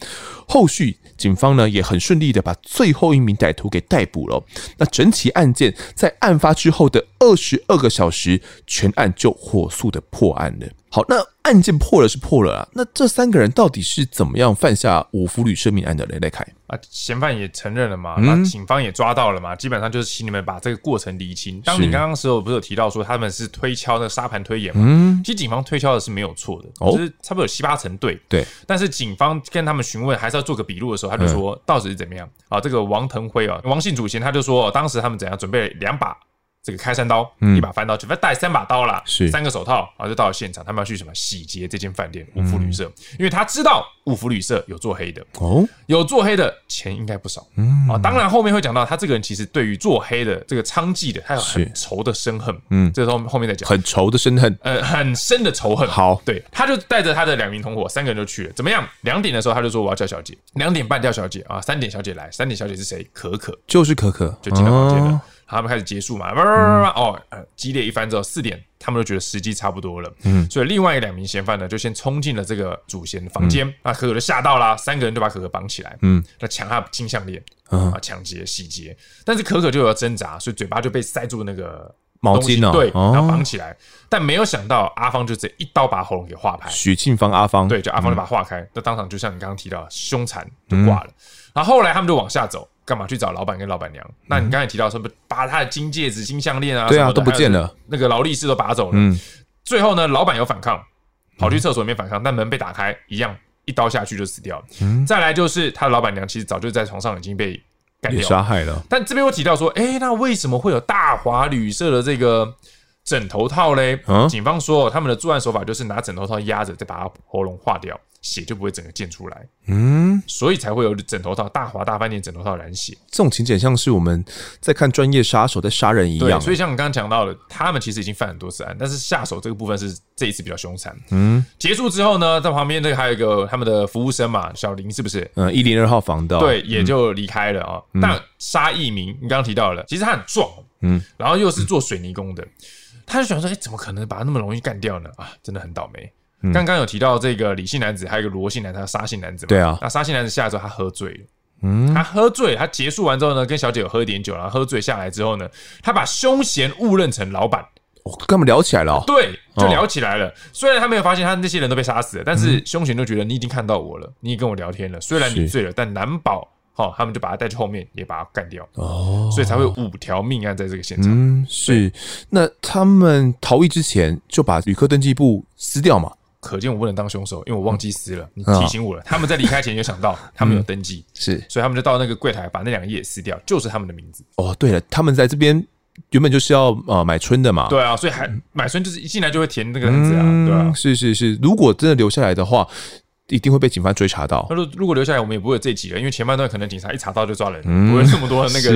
後續警方呢也很順利的把最後一名歹徒給逮捕了。那整起案件在案發之後的二十二個小時，全案就火速的破案了。好，那案件破了是破了啊，那這三個人到底是怎麼樣犯下五福旅社命案的呢？來凱，啊，嫌犯也承認了嘛，那、嗯、警方也抓到了嘛，基本上就是請你們把這個過程理清。當你剛剛時候不是有提到說他們是推敲那個沙盤推演嘛、嗯，其實警方推敲的是沒有錯的，就是差不多有七八成對。對、哦，但是警方跟他們詢問還是要做個筆錄的時候，他就說、嗯、到底是怎麼樣啊？這個王騰輝啊，王姓主嫌，他就說當時他們怎樣準備兩把。這個開山刀，嗯、一把翻刀去，準備帶三把刀啦，三個手套啊，就到了現場。他們要去什麼洗劫這間飯店五福旅社、嗯，因為他知道五福旅社有做黑的哦，有做黑的錢應該不少。嗯啊，當然後面會講到他這個人其實對於做黑的這個娼妓的，他有很仇的深恨。嗯，這後、個、後面再講、嗯，很仇的深恨，呃、嗯，很深的仇恨。好，對，他就帶着他的兩名同夥，三個人就去了。怎麼樣？兩點的時候他就說我要叫小姐，兩點半叫小姐啊，三點小姐來。三點小姐是誰？可可，就是可可，就進了房間了。哦他們開始結束嘛，叭叭叭哦，激烈一番之後，四點他們就覺得時機差不多了，嗯，所以另外兩名嫌犯呢，就先衝進了這個主嫌的房間，啊、嗯，那可可就嚇到了，三個人就把可可綁起來，嗯，那搶他金項鏈，啊、嗯，搶劫洗劫，但是可可就有掙扎，所以嘴巴就被塞住那個毛巾、哦、對，然後綁起來、哦，但沒有想到阿芳就這一刀把喉嚨給劃開，許慶芳阿芳，對，就阿芳就把他劃開、嗯，那當場就像你剛剛提到兇殘就掛了、嗯，然後後來他們就往下走。幹嘛去找老闆跟老闆娘、嗯？那你剛才提到說，拔他的金戒指、金項鏈啊什麼，對啊都，都不見了。那個勞力士都拔走了。最後呢，老闆有反抗，跑去廁所裡面反抗、嗯，但門被打開，一樣一刀下去就死掉了。嗯、再來就是他的老板娘，其實早就在床上已經被幹掉殺害了。但這邊我提到說，哎、欸，那為什麼會有大華旅社的這個枕頭套嘞？嗯，警方說他們的作案手法就是拿枕頭套壓着，再把他喉嚨劃掉。血就不會整個濺出來，嗯，所以才會有枕頭套，大華大飯店枕頭套染血。這種情景像是我們在看專業殺手在殺人一樣，所以像你剛剛講到的，他們其實已經犯很多次案，但是下手這個部分是這一次比較兇殘，嗯。結束之後呢，在旁邊那個還有一個他們的服務生嘛，小林是不是？嗯，一零二號房道、哦，對，嗯、也就離開了啊、喔。但沙一明，你剛剛提到了，其實他很壯，嗯，然後又是做水泥工的，嗯、他就想說，哎、欸，怎麼可能把他那麼容易幹掉呢？啊，真的很倒霉。剛、嗯、剛有提到這個李姓男子，還有一個羅姓男，他叫沙姓男子嘛。對啊，那沙姓男子下來之後，他喝醉了。嗯，他喝醉，他結束完之後呢，跟小姐有喝一點酒，然後喝醉下來之後呢，他把凶嫌誤認成老闆，跟、哦、他們聊起來了、哦。對，就聊起來了、哦。雖然他沒有發現他那些人都被殺死了，但是凶嫌都覺得你已經看到我了，你也跟我聊天了、嗯。雖然你醉了，但難保哈，他們就把他帶去後面，也把他幹掉。哦，所以才會五條命案在這個現場。嗯，是。那他們逃逸之前就把旅客登記簿撕掉嘛？可見我不能當兇手，因為我忘記撕了。嗯、你提醒我了。嗯、他們在離開前就想到，他們有登記、嗯，是，所以他們就到那個櫃台把那兩個頁撕掉，就是他們的名字。哦，對了，他們在這邊原本就是要呃買春的嘛，對啊，所以還買春就是一進來就會填那個名字啊、嗯，對啊，是是是，如果真的留下來的話。一定會被警方追查到，嗯。那如果留下來，我們也不會有這集了。因為前半段可能警察一查到就抓人，不會有這麼多的那個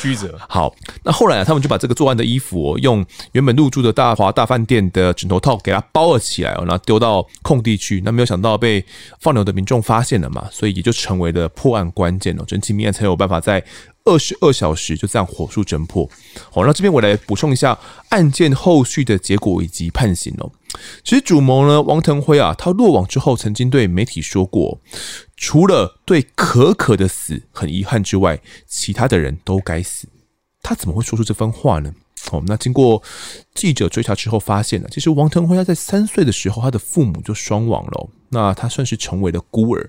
曲折。”好，那後來、啊、他們就把這個作案的衣服，哦、用原本入住的大華大飯店的枕頭套給它包了起來哦，然後丟到空地去。那沒有想到被放牛的民眾發現了嘛，所以也就成為了破案關鍵哦，整起命案才有辦法在二十二小時就這樣火速偵破。好，哦，那這邊我來補充一下案件後續的結果以及判刑哦。其實主謀呢，王騰輝啊，他落網之後曾經對媒體說過，除了對可可的死很遺憾之外，其他的人都該死。他怎麼會說出這番話呢？哦，那經過記者追查之後，發現呢，其實王騰輝他在三歲的時候，他的父母就雙亡了，那他算是成為了孤兒。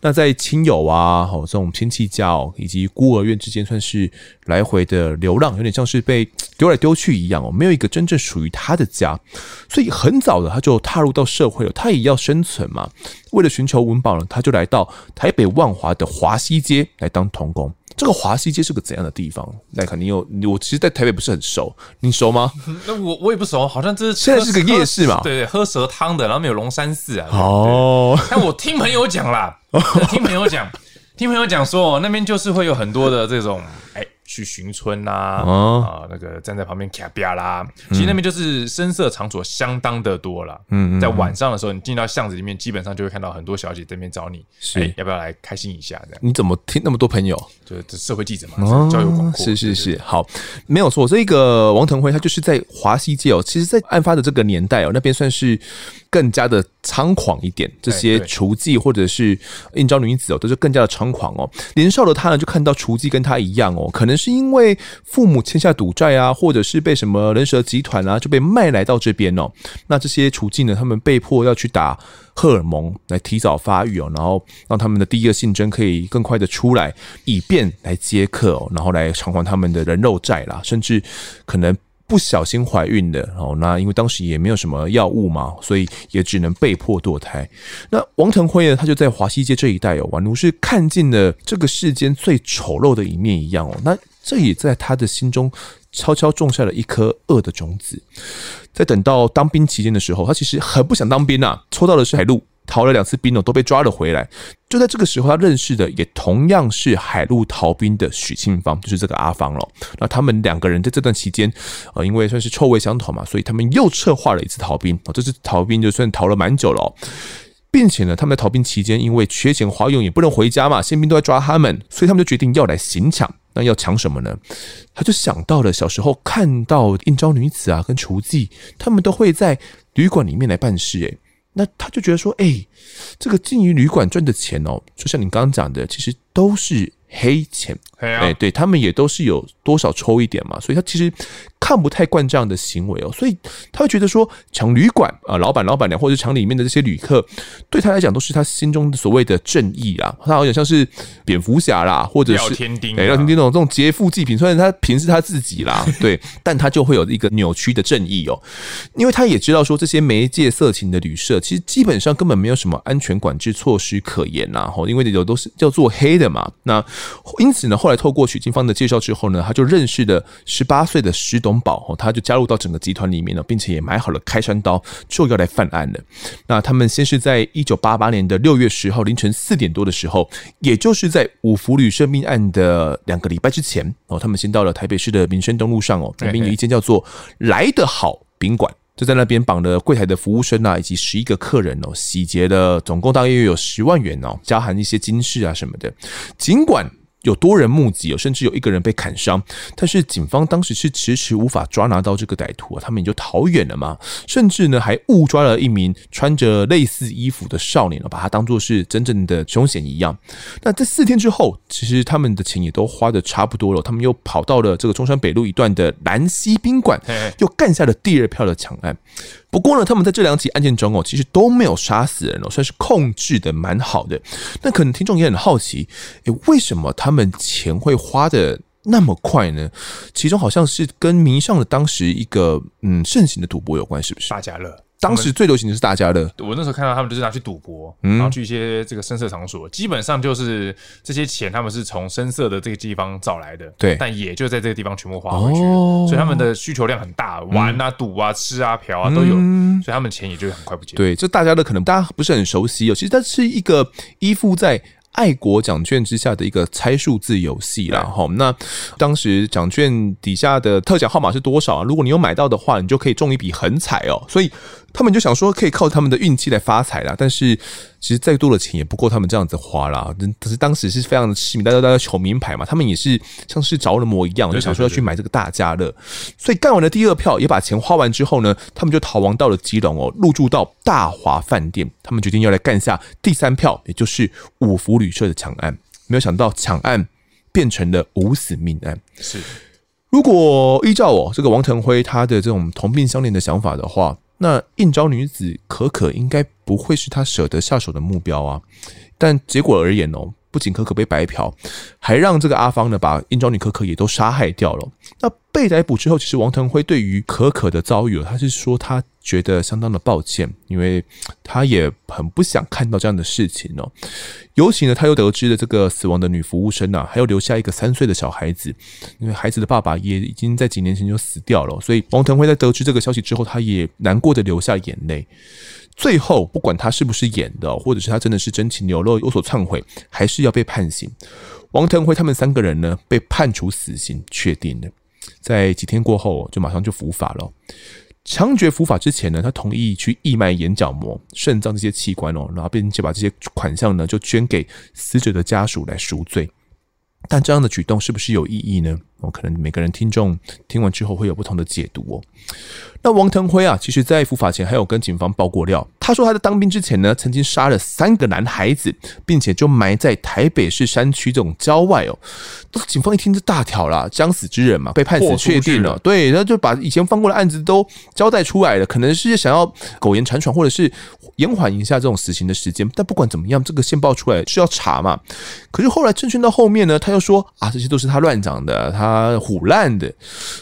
那在親友啊，好這種親戚家哦，以及孤兒院之間，算是來回的流浪，有點像是被丟來丟去一樣哦，沒有一個真正屬於他的家。所以很早的他就踏入到社會了，他也要生存嘛。為了尋求溫飽呢，他就來到台北萬華的華西街來當童工。這個華西街是個怎樣的地方？那肯定有我，其實，在台北不是很熟。你熟嗎？那、嗯、我我也不熟，好像這是現在是個夜市嘛？對對，喝蛇湯的，然後有龍山寺啊。哦，那、oh. 我聽朋友講啦，oh. 聽朋友講，oh. 聽朋友講說，那邊就是會有很多的這種、oh. 哎。去尋村吶啊、哦、啊，那個站在旁邊卡吧啦、嗯，其實那邊就是聲色場所相當的多了。嗯，在晚上的時候，你進到巷子裡面，基本上就會看到很多小姐在那邊找你，是、欸、要不要來開心一下？這樣你怎麼聽那麼多朋友？就是社會記者嘛，哦、是交友廣闊。是是是，對對對，好，沒有錯。這個王騰輝他就是在華西街哦，其實，在案發的這個年代哦，那邊算是。更加的猖狂一點，這些雛妓或者是應召女子哦、欸，都是更加的猖狂哦。年少的他呢，就看到雛妓跟他一樣哦，可能是因為父母欠下賭債啊，或者是被什麼人蛇集團啊，就被賣來到這邊哦。那這些雛妓呢，他們被迫要去打荷爾蒙來提早發育哦，然後讓他們的第一個性徵可以更快的出來，以便來接客哦，然後來償還他們的人肉債啦，甚至可能。不小心懷孕的，哦，那因為當時也沒有什麼藥物嘛，所以也只能被迫墮胎。那王騰輝呢？他就在華西街這一帶哦，宛如是看盡了這個世間最醜陋的一面一樣哦。那這也在他的心中悄悄種下了一顆惡的種子。在等到當兵期間的時候，他其實很不想當兵啊，抽到的是海陸，逃了兩次兵哦，都被抓了回來。就在這個時候，他認識的也同樣是海陸逃兵的許慶芳，就是這個阿芳了。那他們兩個人在這段期間，呃，因為算是臭味相投嘛，所以他們又策劃了一次逃兵。哦、這次逃兵就算逃了蠻久了，並且呢，他們在逃兵期間，因為缺錢花用，也不能回家嘛，憲兵都在抓他們，所以他們就決定要來行搶。那要搶什麼呢？他就想到了小時候看到應召女子啊，跟雛妓，他們都會在旅館裡面來辦事、欸。哎，那他就覺得說，哎、欸。這個經營旅館賺的錢哦、喔，就像你剛剛講的，其實都是黑錢。哎，對他們也都是有多少抽一點嘛，所以他其實看不太慣這樣的行為哦、喔，所以他會覺得說搶旅館啊，老闆、老闆娘，或者廠裡面的這些旅客，對他來講都是他心中所謂的正義啦。他好像像是蝙蝠俠啦，或者是哎，廖添丁、啊、廖添丁這種這種劫富濟貧，雖然他貧是他自己啦， 對，但他就會有一個扭曲的正義哦、喔，因為他也知道說這些媒介色情的旅社，其實基本上根本沒有什麼安全管制措施可言吶？哦，因為有都是叫做黑的嘛。那因此呢，後來透過許金芳的介紹之後呢，他就認識了十八歲的石董寶哦，他就加入到整個集團裡面了，並且也買好了開山刀，就要來犯案了。那他們先是在一九八八年的六月十號凌晨四點多的時候，也就是在五福旅社命案的兩個禮拜之前哦，他們先到了台北市的民生東路上哦，那邊有一間叫做“來得好”賓館。就在那邊綁了櫃檯的服務生啊，以及十一個客人哦，洗劫的總共大約有十萬元哦，加含一些金飾啊什麼的。儘管有多人目擊，甚至有一個人被砍傷，但是警方當時是遲遲無法抓拿到這個歹徒啊，他們也就逃遠了嘛，甚至呢還誤抓了一名穿着類似衣服的少年，把他當做是真正的兇嫌一樣。那這四天之後，其實他們的錢也都花得差不多了，他們又跑到了這個中山北路一段的蘭溪賓館，又幹下了第二票的搶案。不過呢，他們在這兩起案件中哦，其實都沒有殺死人哦，算是控制的蠻好的。但可能聽眾也很好奇，誒、欸，為什麼他們錢會花的那麼快呢？其中好像是跟迷上了當時一個嗯盛行的賭博有關，是不是？大家樂。當時最流行的是大家樂，我那時候看到他們就是拿去賭博，然後去一些這個聲色場所，基本上就是這些錢他們是從聲色的這個地方找來的，對，但也就在這個地方全部花回去，所以他們的需求量很大，玩啊、賭啊、吃啊、嫖啊都有，所以他們錢也就很快不見、嗯。對，這大家樂可能大家不是很熟悉哦、喔，其實它是一個依附在愛國獎券之下的一個猜數字遊戲啦齁。那當時獎券底下的特獎號碼是多少、啊？如果你有買到的話，你就可以中一筆橫彩哦、喔。所以。他們就想說可以靠他們的運氣來發財啦。但是其實再多的錢也不夠他們這樣子花啦。但是當時是非常的痴迷，大家都在求名牌嘛，他們也是像是着了魔一樣，就想說要去買這個大家樂。對對對對。所以幹完了第二票，也把錢花完之後呢，他們就逃亡到了基隆哦，入住到大華飯店。他們決定要來幹下第三票，也就是五福旅社的搶案。沒有想到搶案變成了五死命案。是，如果依照哦這個王騰輝他的這種同病相憐的想法的話。那應召女子可可應該不會是他捨得下手的目標啊，但結果而言哦，不僅可可被白嫖，還讓這個阿方呢把應召女可可也都殺害掉了。那被逮捕之後，其實王騰輝對於可可的遭遇他是說他覺得相當的抱歉，因為他也很不想看到這樣的事情哦。尤其呢，他又得知了這個死亡的女服務生吶、啊，還要留下一個三歲的小孩子，因為孩子的爸爸也已經在幾年前就死掉了，所以王騰輝在得知這個消息之後，他也難過的流下眼淚。最後，不管他是不是演的，或者是他真的是真情流露有所懺悔，還是要被判刑。王騰輝他們三個人呢，被判處死刑確定的。在幾天過後，就馬上就伏法了。槍決伏法之前呢，他同意去義賣眼角膜、腎臟這些器官哦，然後並且把這些款項呢就捐給死者的家屬來贖罪。但這樣的舉動是不是有意義呢？我、哦，可能每個人聽眾聽完之後會有不同的解讀哦。那王騰輝啊，其實在伏法前還有跟警方爆過料，他說他在當兵之前呢，曾經殺了三個男孩子，並且就埋在台北市山區這種郊外哦。那警方一聽就大條了，將死之人嘛，被判死確定了，就是，對，然後就把以前犯過的案子都交代出來了，可能是想要苟延殘喘，或者是延緩一下這種死刑的時間。但不管怎麼樣，這個線報出來需要查嘛。可是後來偵訊到後面呢，他又說啊，這些都是他亂講的，他。他唬爛的，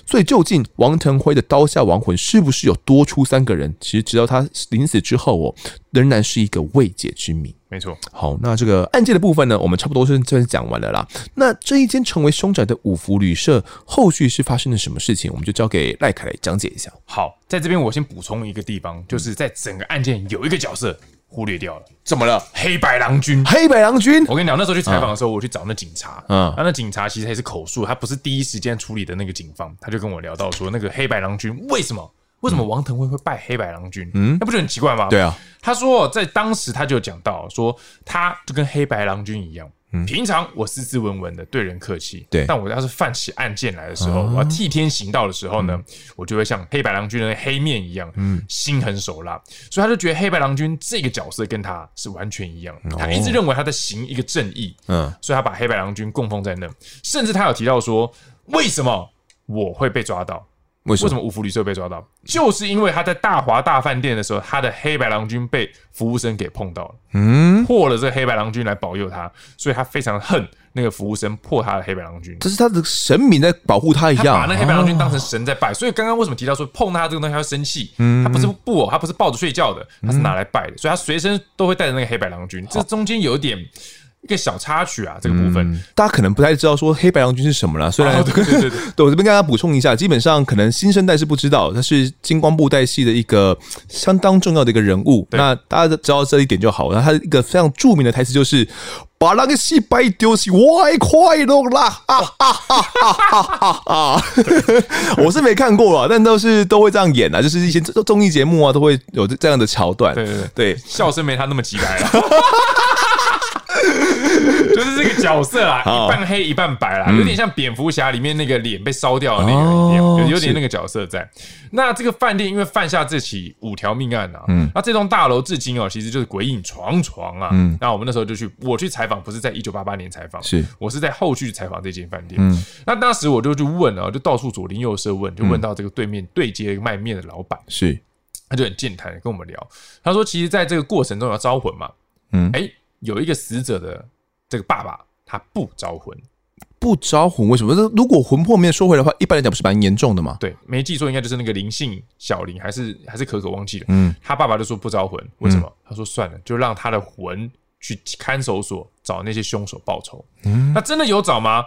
所以究竟王騰輝的刀下亡魂是不是有多出三個人？其實直到他臨死之後哦，仍然是一個未解之謎。沒錯，好，那這個案件的部分呢，我們差不多是就講完了啦。那這一間成為凶宅的五福旅社，後續是發生了什麼事情？我們就交給賴凱來講解一下。好，在這邊我先補充一個地方，就是在整個案件有一個角色忽略掉了，怎麼了？黑白郎君，黑白郎君，我跟你講，那時候去採訪的時候、嗯，我去找那警察，嗯、啊，那警察其實也是口述，他不是第一時間處理的那個警方，他就跟我聊到說，那個黑白郎君為什麼，為什麼王騰輝會拜黑白郎君？嗯，那不就很奇怪嗎？對啊，他說在當時他就講到說，他就跟黑白郎君一樣。平常我斯斯文文的，對人客氣，對，但我要是犯起案件來的時候、啊，我要替天行道的時候呢，嗯、我就會像黑白郎君的黑面一樣，嗯，心狠手辣。所以他就覺得黑白郎君這個角色跟他是完全一樣、哦，他一直認為他在行一個正義，嗯，所以他把黑白郎君供奉在那，甚至他有提到說，為什麼我會被抓到？為什麼五福旅社被抓到？就是因為他在大華大飯店的時候，他的黑白郎君被服務生給碰到了，嗯，破了這個黑白郎君來保佑他，所以他非常恨那個服務生破他的黑白郎君。這是他的神明在保護他一樣，把那黑白郎君當成神在拜。哦、所以剛剛為什麼提到說碰到他這個東西他會生氣？嗯，他不是布偶，他不是抱着睡覺的，他是拿來拜的，所以他隨身都會帶着那個黑白郎君。這中間有一點。一個小插曲啊，這個部分、嗯、大家可能不太知道，說黑白郎君是什麼了。雖然、哦、對對對,對, 對，我這邊跟大家補充一下，基本上可能新生代是不知道，他是金光布袋戲的一個相當重要的一個人物。那大家知道這一點就好。那他一個非常著名的台詞就是“別人的失敗就是我的快樂啦”，哈哈哈哈哈！啊啊啊啊啊、 對 我是沒看過啊，但都是都會這樣演啊，就是一些綜藝節目啊，都會有這樣的橋段。對對,對,對、嗯，笑聲沒他那麼急來、啊。 就是這個角色啊，一半黑一半白啦，嗯、有點像蝙蝠俠裡面那個臉被燒掉的那個人一樣，哦，有點那個角色在。那這個飯店因為犯下這起五條命案啊，嗯，那這棟大樓至今哦，啊，其實就是鬼影幢幢啊。嗯，那我們那時候就去，我去採訪，不是在一九八八年採訪，是我是在後續採訪這間飯店。嗯，那當時我就去問啊，就到處左鄰右舍問，就問到這個對面對接一個賣麵的老板，是，嗯、他就很健談，跟我們聊，他說其實在這個過程中要招魂嘛，嗯，哎、欸。有一個死者的這個爸爸，他不招魂，不招魂為什麼？如果魂魄沒有收回來的話，一般來講不是蠻嚴重的嗎？對，沒記錯應該就是那個林姓小林，還是還是可可忘記了。嗯，他爸爸就說不招魂，為什麼？嗯，他說算了，就讓他的魂去看守所找那些兇手報仇。嗯，那真的有找嗎？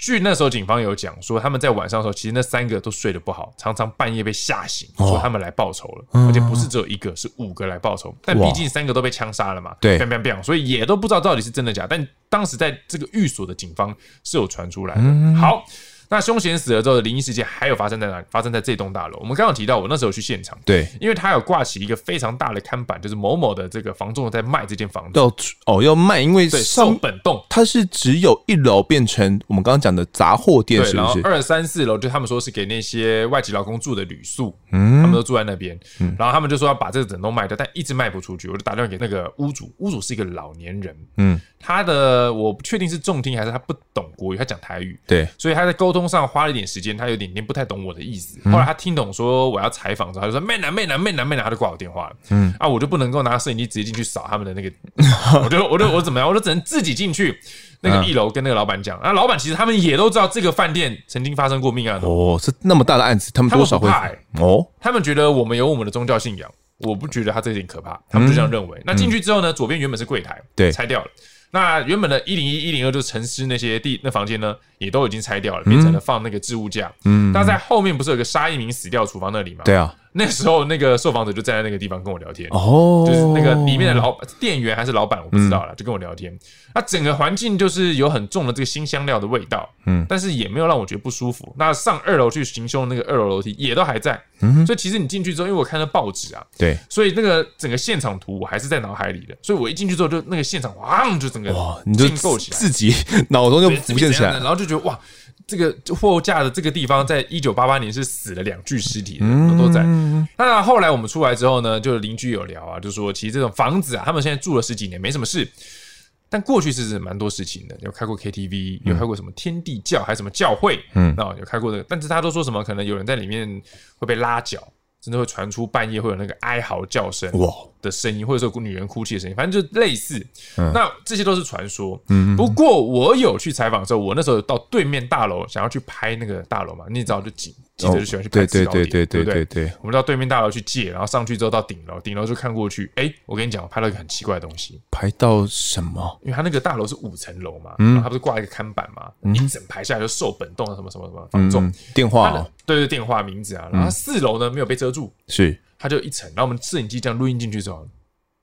據那時候警方有講說，他們在晚上的時候，其實那三個都睡得不好，常常半夜被嚇醒，說他們來報仇了。哦嗯，而且不是只有一個是五個來報仇，但畢竟三個都被槍殺了嘛，對，砰砰砰，所以也都不知道到底是真的假，但當時在這個寓所的警方是有傳出來的。嗯、好。那兇嫌死了之後的靈異事件，還有發生在哪裡？發生在這棟大樓。我們剛剛提到，我那時候去現場。對，因為他有掛起一個非常大的看板，就是某某的這個房仲在賣這間房子。要哦，要賣，因為上本棟它是只有一樓變成我們剛剛講的雜貨店，是不是？二三四樓就他們說是給那些外籍勞工住的旅宿，嗯，他們都住在那邊。然後他們就說要把這個整棟賣掉，但一直賣不出去。我就打電話給那個屋主，屋主是一個老年人，嗯，他的我不確定是重聽還是他不懂國語，他講台語，對，所以他在溝通。溝通上花了一點時間，他有點點不太懂我的意思。嗯、後來他聽懂說我要採訪，之後他就說“妹男妹男妹男妹男”，他就掛我電話了。嗯，啊，我就不能夠拿攝影機直接進去掃他們的那個， 我就我就我怎麼樣，我就只能自己進去那個一樓跟那個老闆講，嗯。啊，老闆其實他們也都知道這個飯店曾經發生過命案的哦，是那麼大的案子，他們多少會、欸、哦，他們覺得我們有我們的宗教信仰，我不覺得他這有點可怕，他們就這樣認為。嗯、那進去之後呢，嗯、左邊原本是櫃檯，對，拆掉了。那原本的101、102就是陳屍那些地那房間呢，也都已經拆掉了，變成了放那個置物架。嗯，嗯但在後面不是有個沙一鳴死掉廚房那裡嗎？對啊。那時候，那個受訪者就站在那個地方跟我聊天，哦、就是那個裡面的老闆、店員還是老闆，我不知道啦，嗯、就跟我聊天。那、啊、整個環境就是有很重的這個辛香料的味道，嗯，但是也沒有讓我覺得不舒服。那上二樓去行兇，那個二樓樓梯也都還在，嗯、所以其實你進去之後，因為我看到報紙啊，對，所以那個整個現場圖我還是在腦海裡的，所以我一進去之後就那個現場哇，就整個哇，你就建構起來，哦、自己腦中就浮現起來， 然後就覺得哇。這個貨架的這個地方，在一九八八年是死了兩具屍體的，都在、嗯。那後來我們出來之後呢，就鄰居有聊啊，就說其實這種房子啊，他們現在住了十幾年沒什麼事，但過去是蠻多事情的，有開過 KTV，有開過什麼天地教還是什麼教會，嗯，哦、有開過的、這個、但是他都說什麼，可能有人在裡面會被拉腳。真的會傳出半夜會有那個哀嚎叫聲哇的聲音，或者說女人哭泣的聲音，反正就類似。嗯、那這些都是傳說、嗯。不過我有去採訪的時候，我那時候有到對面大樓想要去拍那個大樓嘛，那你知道就緊。記者就喜歡去拍，制高點、哦、對對、對、對、對、對、對、對對不對？我們到對面大樓去借，然後上去之後到頂樓，頂樓就看過去。哎，我跟你講，我拍到一個很奇怪的東西，拍到什麼？因為他那個大樓是五層樓嘛，嗯，他不是掛一個看板嘛，嗯、一整排下來就壽本棟什麼什麼什麼房中、嗯、電話、哦，對對，電話名字啊。然後四樓呢、嗯、沒有被遮住，是，他就一層。然後我們攝影機這樣錄音進去之後，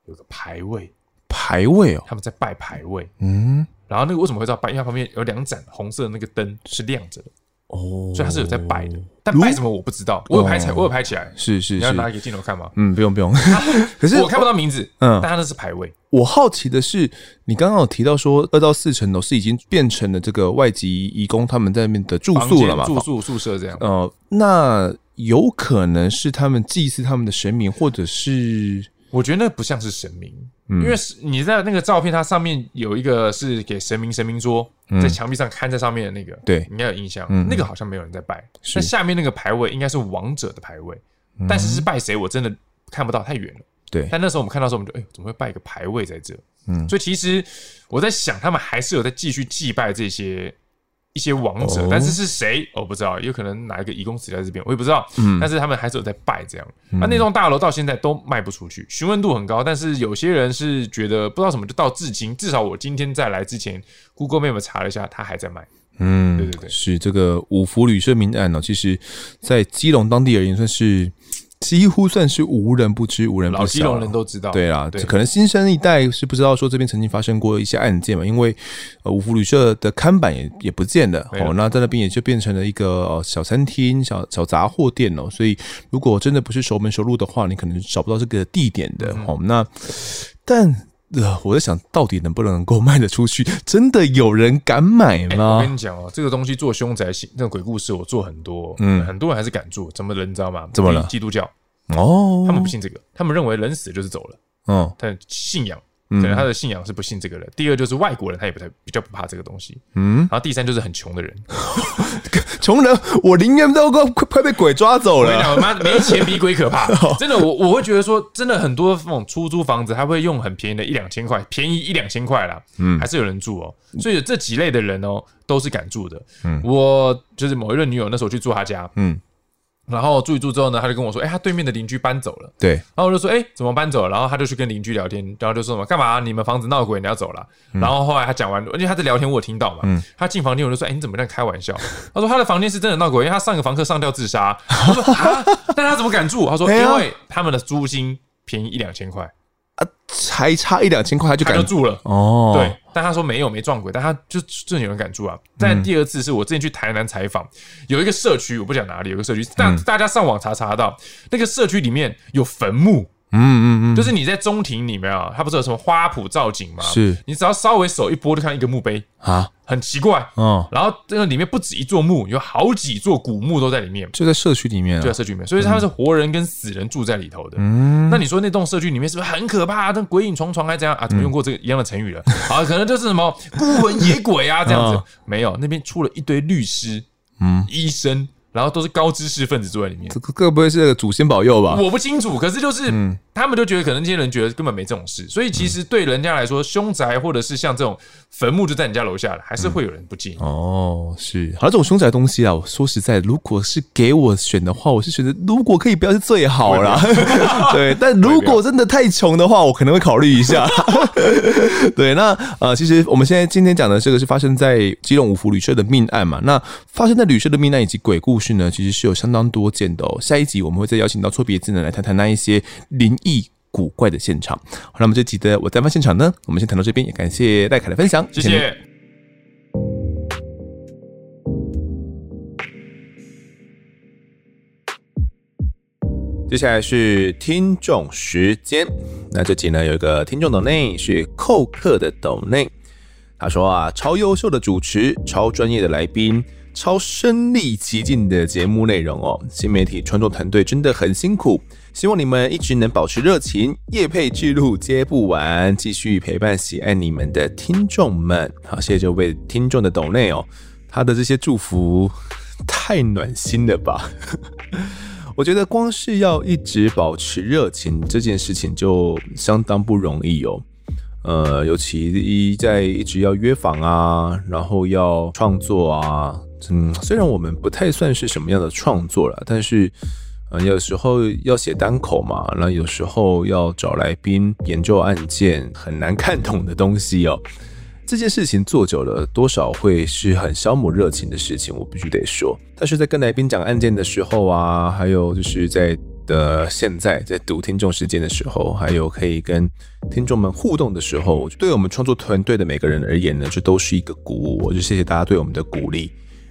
有個牌位，牌位哦，他們在拜牌位，嗯。然後那個為什麼會知道？因為它旁邊有兩盞紅色的那個燈是亮着的。哦、oh，所以他是有在擺的，但擺什麼我不知道。Oh, 我有拍起來，oh, 我有拍起來，是是、是，你要拿一個鏡頭看嗎？嗯，不用不用。 可是我看不到名字，嗯，但他那是牌位。我好奇的是，你剛剛有提到說二到四層樓是已經變成了這個外籍移工他們在那邊的住宿了嘛？住宿宿舍這樣。哦、呃。那有可能是他們祭祀他們的神明，或者是。我覺得那不像是神明。嗯、因為是你在那個照片，它上面有一個是給神明，神明桌、嗯、在牆壁上看在上面的那個，對，應該有印象嗯嗯。那個好像沒有人在拜，那下面那個牌位應該是王者的牌位，嗯、但是是拜誰我真的看不到，太遠了。對，但那時候我們看到的時候，我們就哎、欸，怎麼會拜一個牌位在這？嗯，所以其實我在想，他們還是有在繼續祭拜這些。一些王者，哦、但是是誰我、哦、不知道，有可能哪一個移公司在這邊，我也不知道。嗯，但是他們還是有在拜這樣。嗯啊、那那棟大樓到現在都賣不出去，詢問度很高，但是有些人是覺得不知道什麼，就到至今。至少我今天再來之前，Google Map 查了一下，他還在賣。嗯，對對對，是這個五福旅社命案呢、喔，其實在基隆當地而言，算是。幾乎算是無人不知，無人不知。老基隆人都知道，對啦、啊，對。可能新生一代是不知道說這邊曾經發生過一些案件嘛，因為呃五福旅社的看板也也不見了哦，那在那邊也就變成了一個小餐廳、小小雜貨店哦。所以如果真的不是熟門熟路的話，你可能找不到這個地點的哦。那但。呃、我在想到底能不能夠賣得出去？真的有人敢買嗎？欸、我跟你講哦，這個東西做兇宅、信、這、那個鬼故事，我做很多，嗯，很多人還是敢做。怎麼人？你知道嗎？怎麼了？基督教哦，他們不信這個，他們認為人死就是走了，嗯、哦，但信仰。能、嗯、他的信仰是不信這個人。第二就是外國人，他也不太比較不怕這個東西。嗯，然後第三就是很窮的人，窮、嗯、 人我寧願都快快被鬼抓走了。媽，沒錢比鬼可怕， 真的。我我會覺得說，真的很多那種、嗯、出租房子，他會用很便宜的一兩千塊，便宜一兩千塊啦。嗯，還是有人住哦、喔。所以這幾類的人哦、喔，都是敢住的。嗯，我，我就是某一任女友那時候去住他家，嗯。然後住一住之後呢，他就跟我說：“哎、欸，他對面的鄰居搬走了。”對。然後我就說：“哎、欸，怎麼搬走了？”然後他就去跟鄰居聊天，然後就說什麼：“幹嘛？你們房子鬧鬼，你要走了、嗯？”然後後來他講完，而且他在聊天，我有聽到嘛。嗯、他進房間，我就說：“哎、欸，你怎麼在開玩笑？” 他說：“他的房間是真的鬧鬼，因為他上個房客上吊自殺。 ”他說，啊，但他怎麼敢住？ 他說：“因為他們的租金便宜一兩千塊。”啊，才差一兩千塊他就敢，他就住了哦？對，但他說沒有沒撞鬼，但他就真的有人敢住啊。但第二次是我之前去台南採訪、嗯，有一個社區，我不講哪裡，有個社區，但大家上網查查到，那個社區裡面有墳墓。嗯嗯嗯，就是你在中庭裡面啊，它不是有什麼花圃造景嗎？是你只要稍微手一撥，就看到一個墓碑啊，很奇怪。嗯、哦，然後那個裡面不止一座墓，有好幾座古墓都在裡面，就在社區裡面、啊，就在社區裡面。所以他是活人跟死人住在裡頭的。嗯，那你說那棟社區裡面是不是很可怕、啊？跟鬼影重重還這樣啊？怎麼用過這個一樣的成語了啊、嗯？可能就是什麼孤魂野鬼啊這樣子。哦、沒有，那邊出了一堆律師、嗯，醫生。然後都是高知識分子坐在裡面，這該不會是祖先保佑吧？我不清楚，可是就是、嗯。他們就覺得，可能這些人覺得根本沒這種事，所以其實對人家來說，凶宅或者是像這種墳墓就在你家樓下了，還是會有人不進、嗯。哦，是，好，這種凶宅的東西啊，我說實在，如果是給我選的話，我是選擇如果可以不要是最好啦會會 對，但如果真的太窮的話，我可能會考慮一下。 對，那呃，其實我們現在今天講的這個是發生在基隆五福旅社的命案嘛。那發生在旅社的命案以及鬼故事呢，其實是有相當多件的。哦。下一集我們會再邀請到錯別字呢來談談那一些靈。一古怪的現場，好，那麼這集的我在案發現場呢，我們先談到這邊，也感謝戴凱的分享，謝謝。接下來是聽眾時間，那這集呢有一個聽眾的 name 是寇克的 donate，他說啊，超優秀的主持，超專業的來賓。超身歷其境的節目內容哦，新媒體創作團隊真的很辛苦，希望你們一直能保持熱情，業配之路接不完，繼續陪伴喜愛你們的聽眾們。好，謝謝這位聽眾的抖內哦，他的這些祝福太暖心了吧！ 我覺得光是要一直保持熱情這件事情就相當不容易哦，呃，尤其一在一直要約訪啊，然後要創作啊。嗯，雖然我們不太算是什麼樣的創作啦，但是，呃、嗯，有時候要寫單口嘛，那有時候要找來賓研究案件很難看懂的東西哦、喔，這件事情做久了，多少會是很消磨熱情的事情，我必須得說。但是在跟來賓講案件的時候啊，還有就是在呃現在在讀聽眾時間的時候，還有可以跟聽眾們互動的時候，我對我們創作團隊的每個人而言呢，這都是一個鼓舞。我就謝謝大家對我們的鼓勵。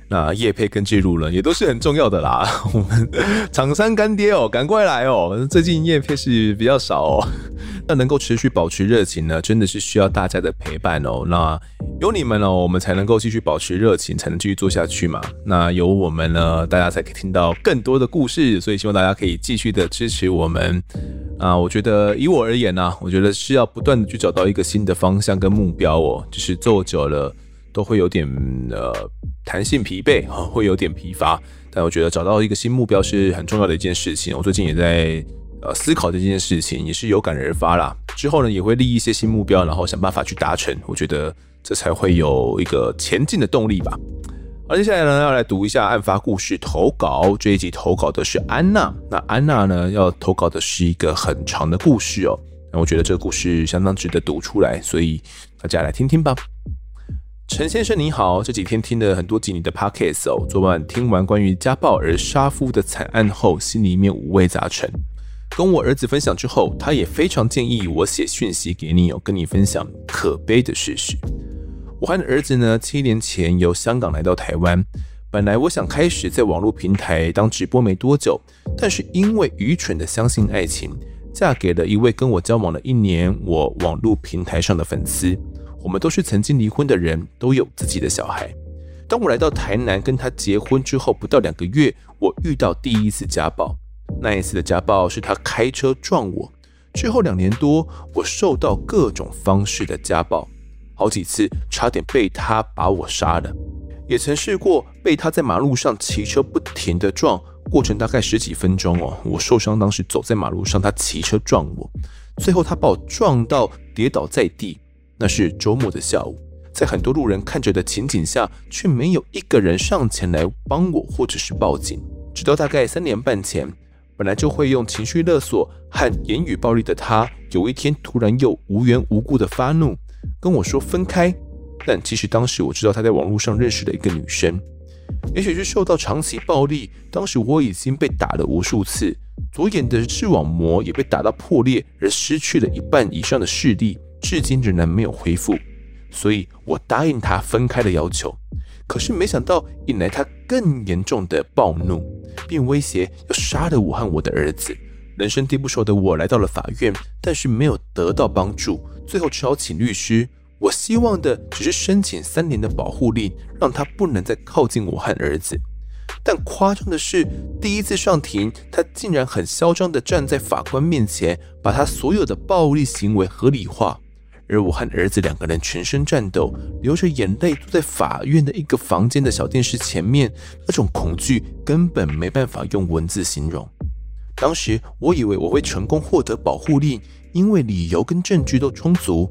那業配跟記錄人也都是很重要的啦。我們廠商乾爹哦，趕快來哦！最近業配是比較少哦。那能夠持續保持熱情呢，真的是需要大家的陪伴哦。那有你們哦，我們才能夠繼續保持熱情，才能繼續做下去嘛。那有我們呢，大家才可以聽到更多的故事。所以希望大家可以繼續的支持我們。啊，我覺得以我而言呢，啊，我覺得需要不斷的去找到一個新的方向跟目標哦，就是做久了。都會有點呃彈性疲憊啊、哦，會有點疲乏，但我覺得找到一個新目標是很重要的一件事情。我最近也在呃思考的這件事情，也是有感而發啦。之後呢，也會立一些新目標，然後想辦法去達成。我覺得這才會有一個前進的動力吧。好，接下來呢，要來讀一下案發故事投稿，這一集投稿的是安娜。那安娜呢，要投稿的是一個很長的故事哦。那我覺得這個故事相當值得讀出來，所以大家來聽聽吧。陳先生你好，這幾天聽了很多集你的 podcast 哦，昨晚聽完關於家暴而殺夫的慘案後，心裡面五味雜陳。跟我兒子分享之後，他也非常建議我寫訊息給你哦，有跟你分享可悲的事實。我和你的兒子呢，七年前由香港來到台灣，本來我想開始在網絡平台當直播沒多久，但是因為愚蠢的相信愛情，嫁給了一位跟我交往了一年我網絡平台上的粉絲。我們都是曾經離婚的人，都有自己的小孩。當我來到台南跟他結婚之後，不到兩個月，我遇到第一次家暴。那一次的家暴是他開車撞我。之後兩年多，我受到各種方式的家暴，好幾次差點被他把我殺了。也曾試試過被他在馬路上騎車不停地撞，過程大概十幾分鐘哦。我受傷當時走在馬路上，他騎車撞我，最後他把我撞到跌倒在地。那是周末的下午，在很多路人看着的情景下，卻沒有一個人上前來幫我或者是報警。直到大概三年半前，本來就會用情緒勒索和言語暴力的他，有一天突然又無緣無故的發怒，跟我說分開。但其實當時我知道他在網絡上認識了一個女生，也許是受到長期暴力，當時我已經被打了無數次，左眼的視網膜也被打到破裂，而失去了一半以上的視力。至今仍然沒有恢復，所以我答應他分開的要求，可是沒想到引來他更嚴重的暴怒，並威脅要殺了我和我的兒子。人生地不熟的我來到了法院，但是沒有得到幫助，最後只好請律師。我希望的只是申請三年的保護令，讓他不能再靠近我和兒子。但誇張的是，第一次上庭，他竟然很囂張地站在法官面前，把他所有的暴力行為合理化。而我和兒子兩個人全身顫抖，流着眼淚坐在法院的一個房間的小電視前面，那種恐懼根本沒辦法用文字形容。當時我以為我會成功獲得保護令，因為理由跟證據都充足。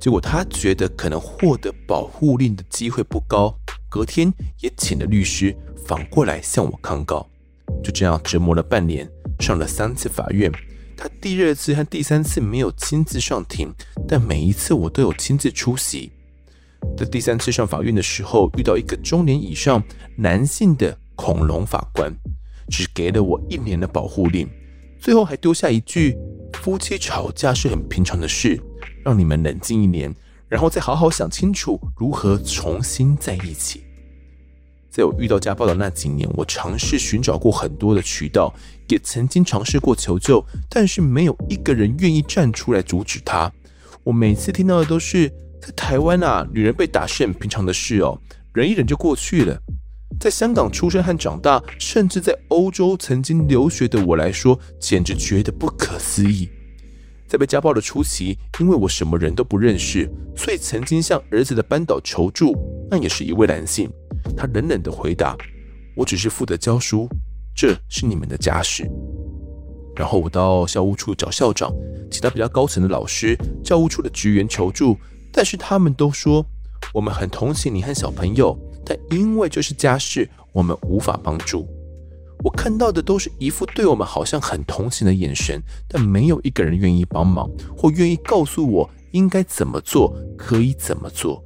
結果他覺得可能獲得保護令的機會不高，隔天也請了律師反過來向我抗告。就這樣折磨了半年，上了三次法院。他第二次和第三次沒有親自上庭，但每一次我都有親自出席。在第三次上法院的時候，遇到一個中年以上男性的恐龍法官，只給了我一年的保護令，最後還丟下一句：“夫妻吵架是很平常的事，讓你們冷靜一年，然後再好好想清楚如何重新在一起。”在我遇到家暴的那幾年，我嘗試尋找過很多的渠道，也曾經嘗試過求救，但是沒有一個人願意站出來阻止他。我每次聽到的都是，在台灣啊，女人被打是很平常的事哦，忍一忍就過去了。在香港出生和長大，甚至在歐洲曾經留學的我來說，簡直覺得不可思議。在被家暴的初期，因為我什麼人都不認識，所以曾經向兒子的班導求助，那也是一位男性。他冷冷的回答：“我只是負責教書，這是你們的家事。”然後我到校務處找校長、其他比較高層的老師、教務處的職員求助，但是他們都說：“我們很同情你和小朋友，但因為這是家事，我們無法幫助。”我看到的都是一副對我們好像很同情的眼神，但沒有一個人願意幫忙或願意告訴我應該怎麼做，可以怎麼做。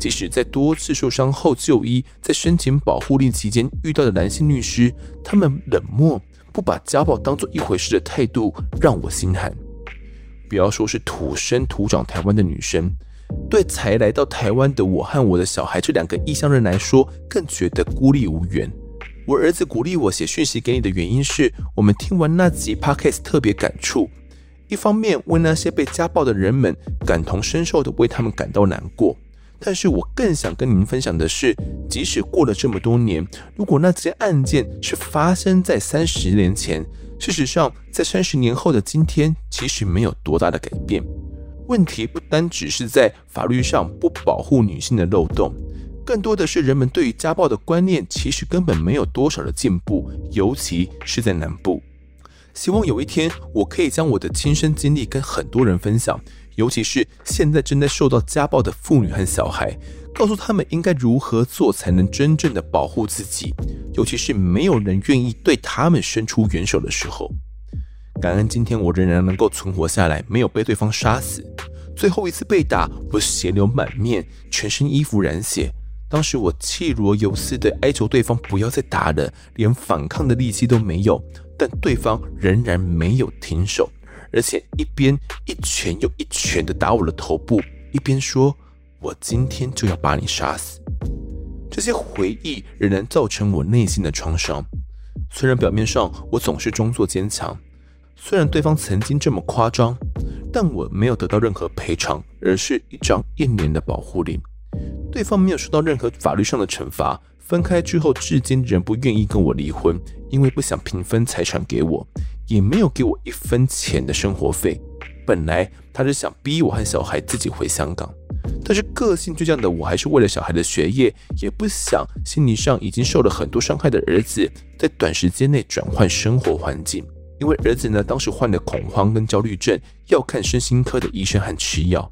即使在多次受傷後就醫，在申請保護令期間遇到的男性律師，他們冷漠、不把家暴當作一回事的態度，讓我心寒。不要說是土生土長台灣的女生，對才來到台灣的我和我的小孩這兩個異鄉人來說，更覺得孤立無援。我兒子鼓勵我寫訊息給你的原因是我們聽完那集 podcast 特別感觸。一方面為那些被家暴的人們感同身受的為他們感到難過，但是我更想跟您分享的是，即使過了這麼多年，如果那件案件是發生在三十年前，事實上在三十年後的今天，其實沒有多大的改變。問題不單只是在法律上不保護女性的漏洞。更多的是人們對於家暴的觀念，其實根本沒有多少的進步，尤其是在南部。希望有一天我可以將我的親身經歷跟很多人分享，尤其是現在正在受到家暴的婦女和小孩，告訴他們應該如何做才能真正的保護自己，尤其是沒有人願意對他們伸出援手的時候。感恩今天我仍然能夠存活下來，沒有被對方殺死。最後一次被打，我血流滿面，全身衣服染血。當時我氣若游絲的哀求對方不要再打了，連反抗的力氣都沒有，但對方仍然沒有停手，而且一邊一拳又一拳地打我的頭部，一邊說：“我今天就要把你殺死。”這些回憶仍然造成我內心的創傷。雖然表面上我總是裝作堅強，雖然對方曾經這麼誇張，但我沒有得到任何賠償，而是一張一年的保護令。對方沒有受到任何法律上的懲罰，分開之後至今仍不願意跟我離婚，因為不想平分財產給我，也沒有給我一分錢的生活費。本來他是想逼我和小孩自己回香港，但是個性倔強的我還是為了小孩的學業，也不想心理上已經受了很多傷害的兒子在短時間內轉換生活環境，因為兒子呢，當時患了恐慌跟焦慮症，要看身心科的醫生和吃藥。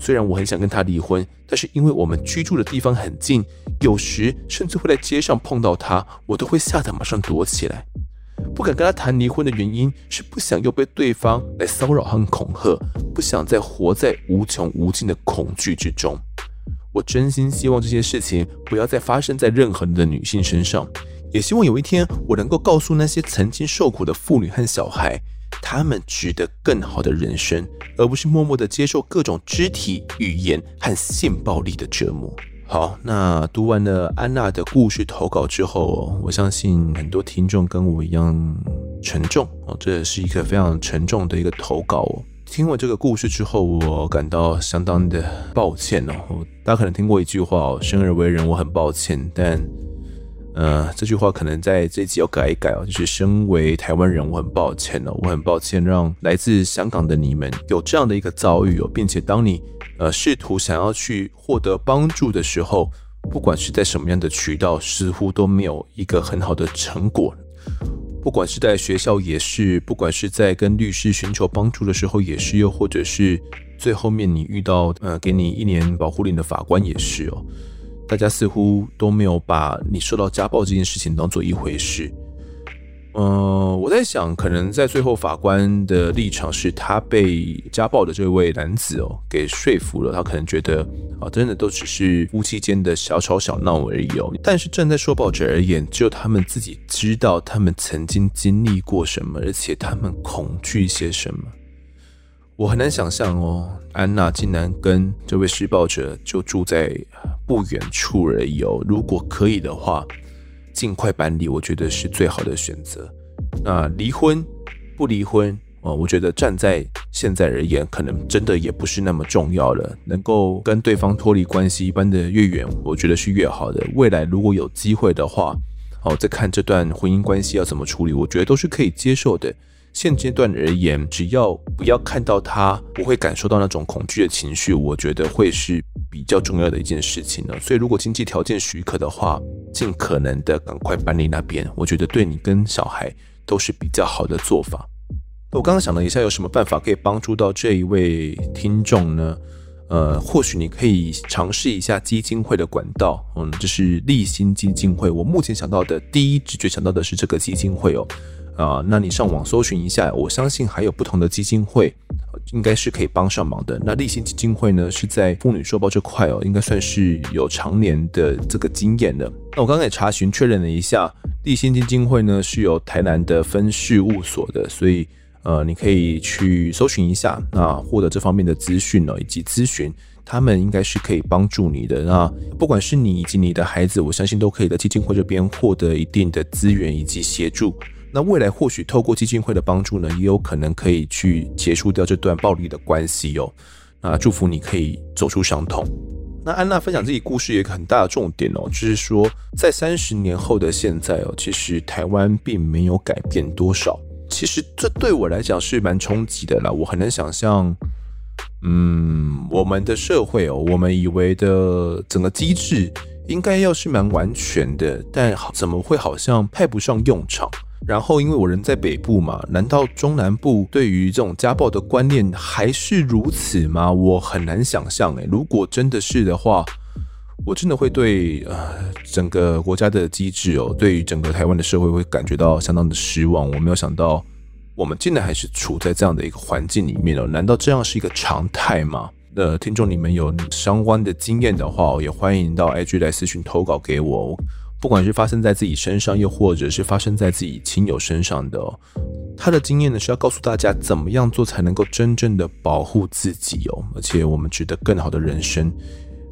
雖然我很想跟他離婚，但是因為我們居住的地方很近，有時甚至會在街上碰到他，我都會嚇得馬上躲起來。不敢跟他談離婚的原因是不想又被對方來騷擾和恐嚇，不想再活在無窮無盡的恐懼之中。我真心希望這些事情不要再發生在任何的女性身上，也希望有一天我能夠告訴那些曾經受苦的婦女和小孩。他們值得更好的人生，而不是默默地接受各種肢體語言和性暴力的折磨。好，那讀完了安娜的故事投稿之後，我相信很多聽眾跟我一樣沉重哦，這也是一個非常沉重的一個投稿。聽完這個故事之後，我感到相當的抱歉哦。大家可能聽過一句話：“生而為人，我很抱歉。”但呃，這句話可能在這一集要改一改哦。就是身為台灣人，我很抱歉哦，我很抱歉讓來自香港的你們有這樣的一個遭遇哦。並且當你呃試圖想要去獲得幫助的時候，不管是在什麼樣的渠道，似乎都沒有一個很好的成果。不管是在學校也是，不管是在跟律師尋求幫助的時候也是，又或者是最後面你遇到呃給你一年保護令的法官也是哦。大家似乎都沒有把你受到家暴這件事情當做一回事。嗯、呃，我在想，可能在最後法官的立場是他被家暴的這位男子哦給說服了，他可能覺得啊、哦，真的都只是夫妻間的小吵小鬧而已哦。但是站在受暴者而言，只有他們自己知道他們曾經經歷過什麼，而且他們恐懼些什麼。我很難想象哦，安娜竟然跟這位施暴者就住在。不遠處而已哦，如果可以的話，盡快搬離，我覺得是最好的選擇。那離婚不離婚啊、哦？我覺得站在現在而言，可能真的也不是那麼重要了。能夠跟對方脫離關係，搬得越遠，我覺得是越好的。未來如果有機會的話，哦，再看這段婚姻關係要怎麼處理，我覺得都是可以接受的。現階段而言，只要不要看到他，不會感受到那種恐懼的情緒，我覺得會是比較重要的一件事情呢。所以，如果經濟條件許可的話，儘可能的趕快搬離那邊，我覺得對你跟小孩都是比較好的做法。我剛剛想了一下，有什麼辦法可以幫助到這一位聽眾呢？呃，或許你可以嘗試一下基金會的管道，嗯，這、就是立心基金會。我目前想到的第一直覺想到的是這個基金會哦。啊，那你上網搜尋一下，我相信還有不同的基金會，應該是可以幫上忙的。那勵馨基金會呢，是在婦女受暴這塊哦，應該算是有常年的這個經驗的。那我剛才查詢確認了一下，勵馨基金會呢是有台南的分事務所的，所以呃，你可以去搜尋一下，那、啊、獲得這方面的資訊呢，以及諮詢他們，應該是可以幫助你的。那不管是你以及你的孩子，我相信都可以在基金會這邊獲得一定的資源以及協助。那未來或許透過基金會的幫助呢，也有可能可以去結束掉這段暴力的關係哦。那祝福你可以走出傷痛。那安娜分享自己故事有一個很大的重點哦，就是說在三十年後的現在哦，其實台灣並沒有改變多少。其實這對我來講是蠻衝擊的啦。我很難想象，嗯，我們的社會哦，我們以為的整個機制應該要是蠻完全的，但怎麼會好像派不上用場？然後，因為我人在北部嘛，難道中南部對於這種家暴的觀念還是如此嗎？我很難想象、欸。誒，如果真的是的話，我真的會對呃整個國家的機制哦，對於整個台灣的社會會感覺到相當的失望。我沒有想到，我們竟然還是處在這樣的一個環境裡面哦。難道這樣是一個常態嗎？那、呃、聽眾你們有相關的經驗的話，也歡迎到 IG 來私訊投稿給我、哦。不管是發生在自己身上，又或者是發生在自己親友身上的、哦，他的經驗呢是要告訴大家，怎麼樣做才能夠真正的保護自己哦，而且我們值得更好的人生。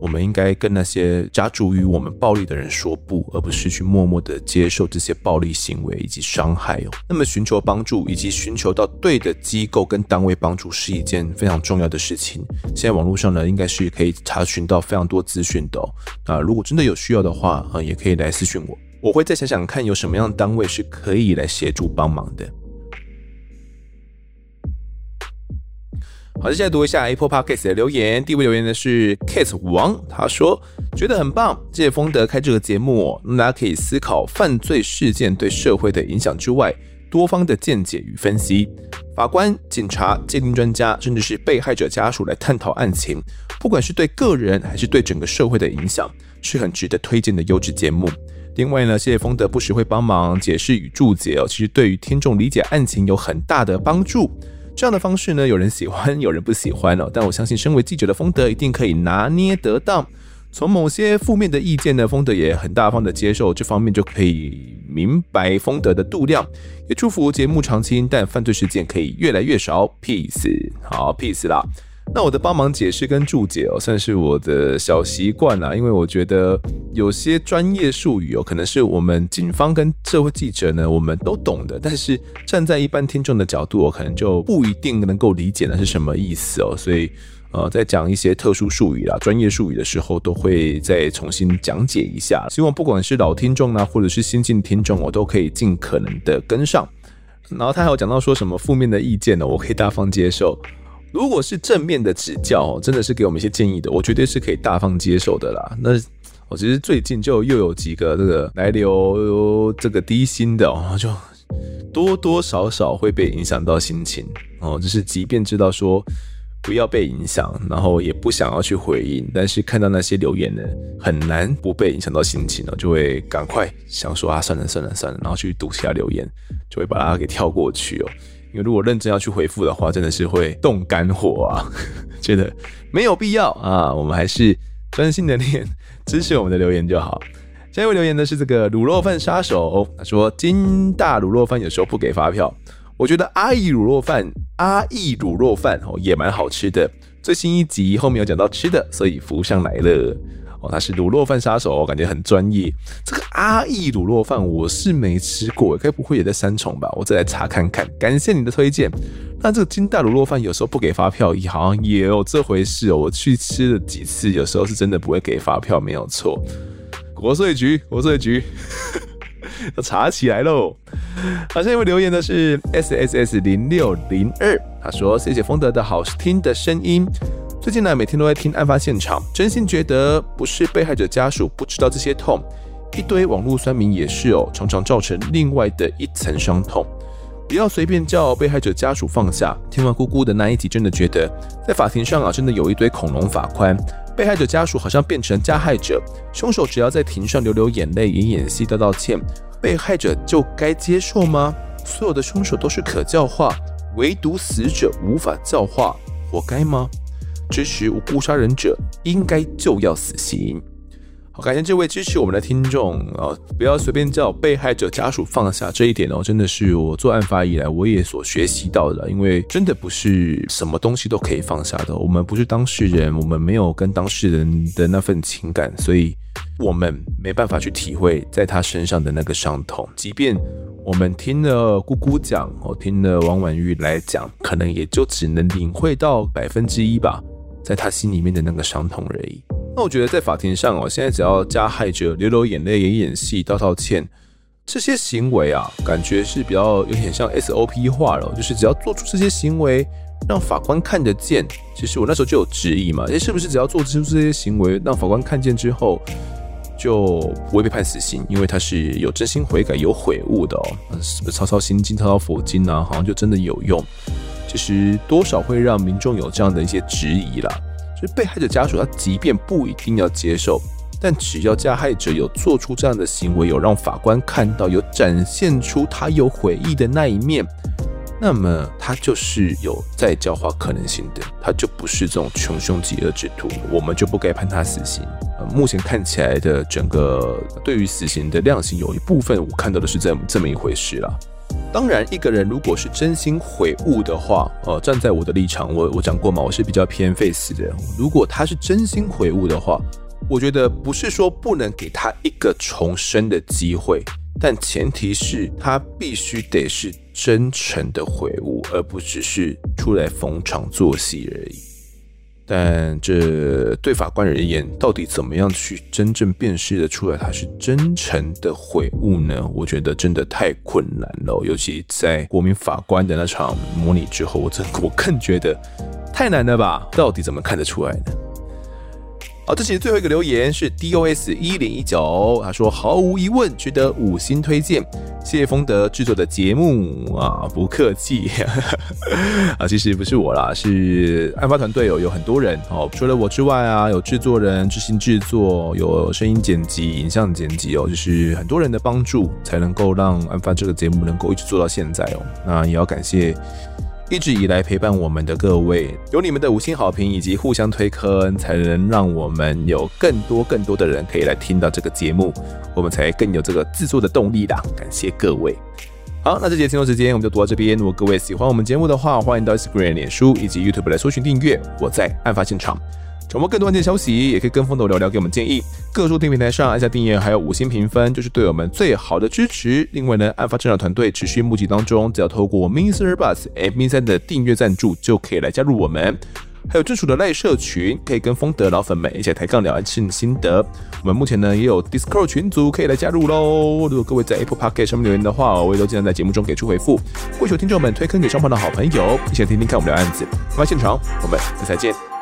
我們應該跟那些加諸於我們暴力的人說不，而不是去默默的接受這些暴力行為以及傷害哦。那麼尋求幫助以及尋求到對的機構跟單位幫助是一件非常重要的事情。現在網絡上呢，應該是可以查詢到非常多資訊的、哦、啊。如果真的有需要的話啊、嗯，也可以來私訊我，我會再想想看有什麼樣的單位是可以來協助幫忙的。好，現在讀一下 Apple Podcast 的留言。第一位留言的是 Case 王，他說覺得很棒，謝謝豐德開這個節目哦，那大家可以思考犯罪事件對社會的影響之外，多方的見解與分析，法官、警察、鑑定專家，甚至是被害者家屬來探討案情，不管是對個人還是對整個社會的影響，是很值得推薦的優質節目。另外呢，謝謝豐德不時會幫忙解釋與註解哦，其實對於聽眾理解案情有很大的幫助。這樣的方式呢，有人喜歡，有人不喜歡哦。但我相信，身為記者的豐德一定可以拿捏得當。從某些負面的意見呢，豐德也很大方的接受，這方面就可以明白豐德的度量。也祝福節目長青，但犯罪事件可以越來越少。Peace，好，Peace 啦。那我的幫忙解釋跟註解哦，算是我的小習慣啦。因為我覺得有些專業術語哦，可能是我們警方跟社會記者呢，我們都懂的，但是站在一般聽眾的角度，我可能就不一定能夠理解那是什麼意思哦，所以呃，在講一些特殊術語啦、專業術語的時候，都會再重新講解一下，希望不管是老聽眾呢、啊，或者是新進聽眾，我都可以盡可能的跟上。然後他還有講到說什麼負面的意見呢，我可以大方接受。如果是正面的指教，真的是給我們一些建議的，我絕對是可以大方接受的啦。那我其實最近就又有幾個這個來留這個低薪的、喔，就多多少少會被影響到心情哦、喔。就是即便知道說不要被影響，然後也不想要去回應，但是看到那些留言呢，很難不被影響到心情哦、喔，就會趕快想說啊算了算了算了，然後去讀其他留言，就會把它給跳過去哦、喔。因為如果認真要去回覆的話，真的是會動肝火啊！覺得沒有必要啊，我們還是專心的念，支持我們的留言就好。下一位留言的是這個滷肉飯殺手，他說金大滷肉飯有時候不給發票，我覺得阿義滷肉飯阿義滷肉飯哦也蠻好吃的。最新一集後面有講到吃的，所以浮上來了。哦，他是滷肉飯殺手，哦，我感覺很專業。這個阿義滷肉飯我是沒吃過，該不會也在三重吧？我再來查看看。感謝你的推薦。那這個金大滷肉飯有時候不給發票，也好像也有，哦，這回事哦。我去吃了幾次，有時候是真的不會給發票，沒有錯。國稅局，國稅局， 要查起來嘍。好，啊，下一位留言的是 s s s 零六零二，他說謝謝豐德的好聽的聲音。最近呢、啊，每天都在聽案發現場，真心覺得不是被害者家屬不知道這些痛，一堆網絡酸民也是哦，常常造成另外的一層傷痛。不要隨便叫被害者家屬放下。聽完姑姑的那一集，真的覺得在法庭上啊，真的有一堆恐龍法官，被害者家屬好像變成加害者，兇手只要在庭上流流眼淚、演演戲道道歉，被害者就該接受嗎？所有的兇手都是可教化，唯獨死者無法教化，活該嗎？支持無辜殺人者，應該就要死刑。好，感謝這位支持我們的聽眾啊、哦！不要隨便叫被害者家屬放下這一點哦，真的是我做案發以來我也所學習到的。因為真的不是什麼東西都可以放下的。我們不是當事人，我們沒有跟當事人的那份情感，所以我們沒辦法去體會在他身上的那個傷痛。即便我們聽了姑姑講，我聽了王婉玉來講，可能也就只能領會到百分之一吧。在他心裡面的那個傷痛而已。那我覺得在法庭上哦，現在只要加害者流流眼淚、演演戲、道道歉，這些行為啊，感覺是比較有點像 SOP 化了，哦。就是只要做出這些行為，讓法官看得見。其實我那時候就有質疑嘛，誒、欸，是不是只要做出這些行為，讓法官看見之後，就不會被判死刑？因為他是有真心悔改、有悔悟的哦。嗯，抄抄心經、抄抄佛經啊，好像就真的有用。其實多少會讓民眾有這樣的一些質疑啦。就是被害者家屬他即便不一定要接受，但只要加害者有做出這樣的行為，有讓法官看到，有展現出他有悔意的那一面，那麼他就是有再教化可能性的，他就不是這種窮凶極惡之徒，我們就不該判他死刑。呃，目前看起來的整個對於死刑的量刑，有一部分我看到的是這麼這麼一回事啦。當然，一個人如果是真心悔悟的話，呃，站在我的立場，我我講過嘛，我是比較偏廢死的人。如果他是真心悔悟的話，我覺得不是說不能給他一個重生的機會，但前提是他必須得是真誠的悔悟，而不只是出來逢場作戲而已。但這對法官而言，到底怎麼樣去真正辨識的出來他是真誠的悔悟呢？我覺得真的太困難了，尤其在國民法官的那場模擬之後，我真我更覺得太難了吧？到底怎麼看得出來呢？好、哦，這期的最後一個留言是 D O S 一零一九，他說毫無疑問值得五星推薦，謝謝豐德制作的節目啊，不客氣 啊，其實不是我啦，是案發團隊有、哦、有很多人哦，除了我之外啊，有制作人、執行制作，有聲音剪輯、影像剪輯哦，就是很多人的幫助才能夠讓案發這個節目能夠一直做到現在哦，那也要感謝。一直以來陪伴我們的各位，有你們的五星好評以及互相推坑，才能讓我們有更多更多的人可以來聽到這個節目，我們才更有這個制作的動力啦！感謝各位。好，那這節聽眾時間我們就讀到這邊。如果各位喜歡我們節目的話，歡迎到 Screen 臉書以及 YouTube 來搜尋訂閱。我在案發現場。掌握更多案件消息，也可以跟豐德聊聊，給我們建議。各收聽平台上按下訂閱，還有五星評分，就是對我們最好的支持。另外呢，案發偵查團隊持續募集當中，只要透過 Mister b u s a n Mister 的訂閱贊助，就可以來加入我們。還有專屬的賴社群，可以跟豐德老粉們一起抬槓聊案情心得。我們目前呢也有 Discord 群組可以來加入嘍。如果各位在 Apple Podcast 上面留言的話，我也都盡量在節目中給出回復。跪求聽眾們推坑給雙方的好朋友，一起來聽聽看我們聊案子。案發現場，我們下次見。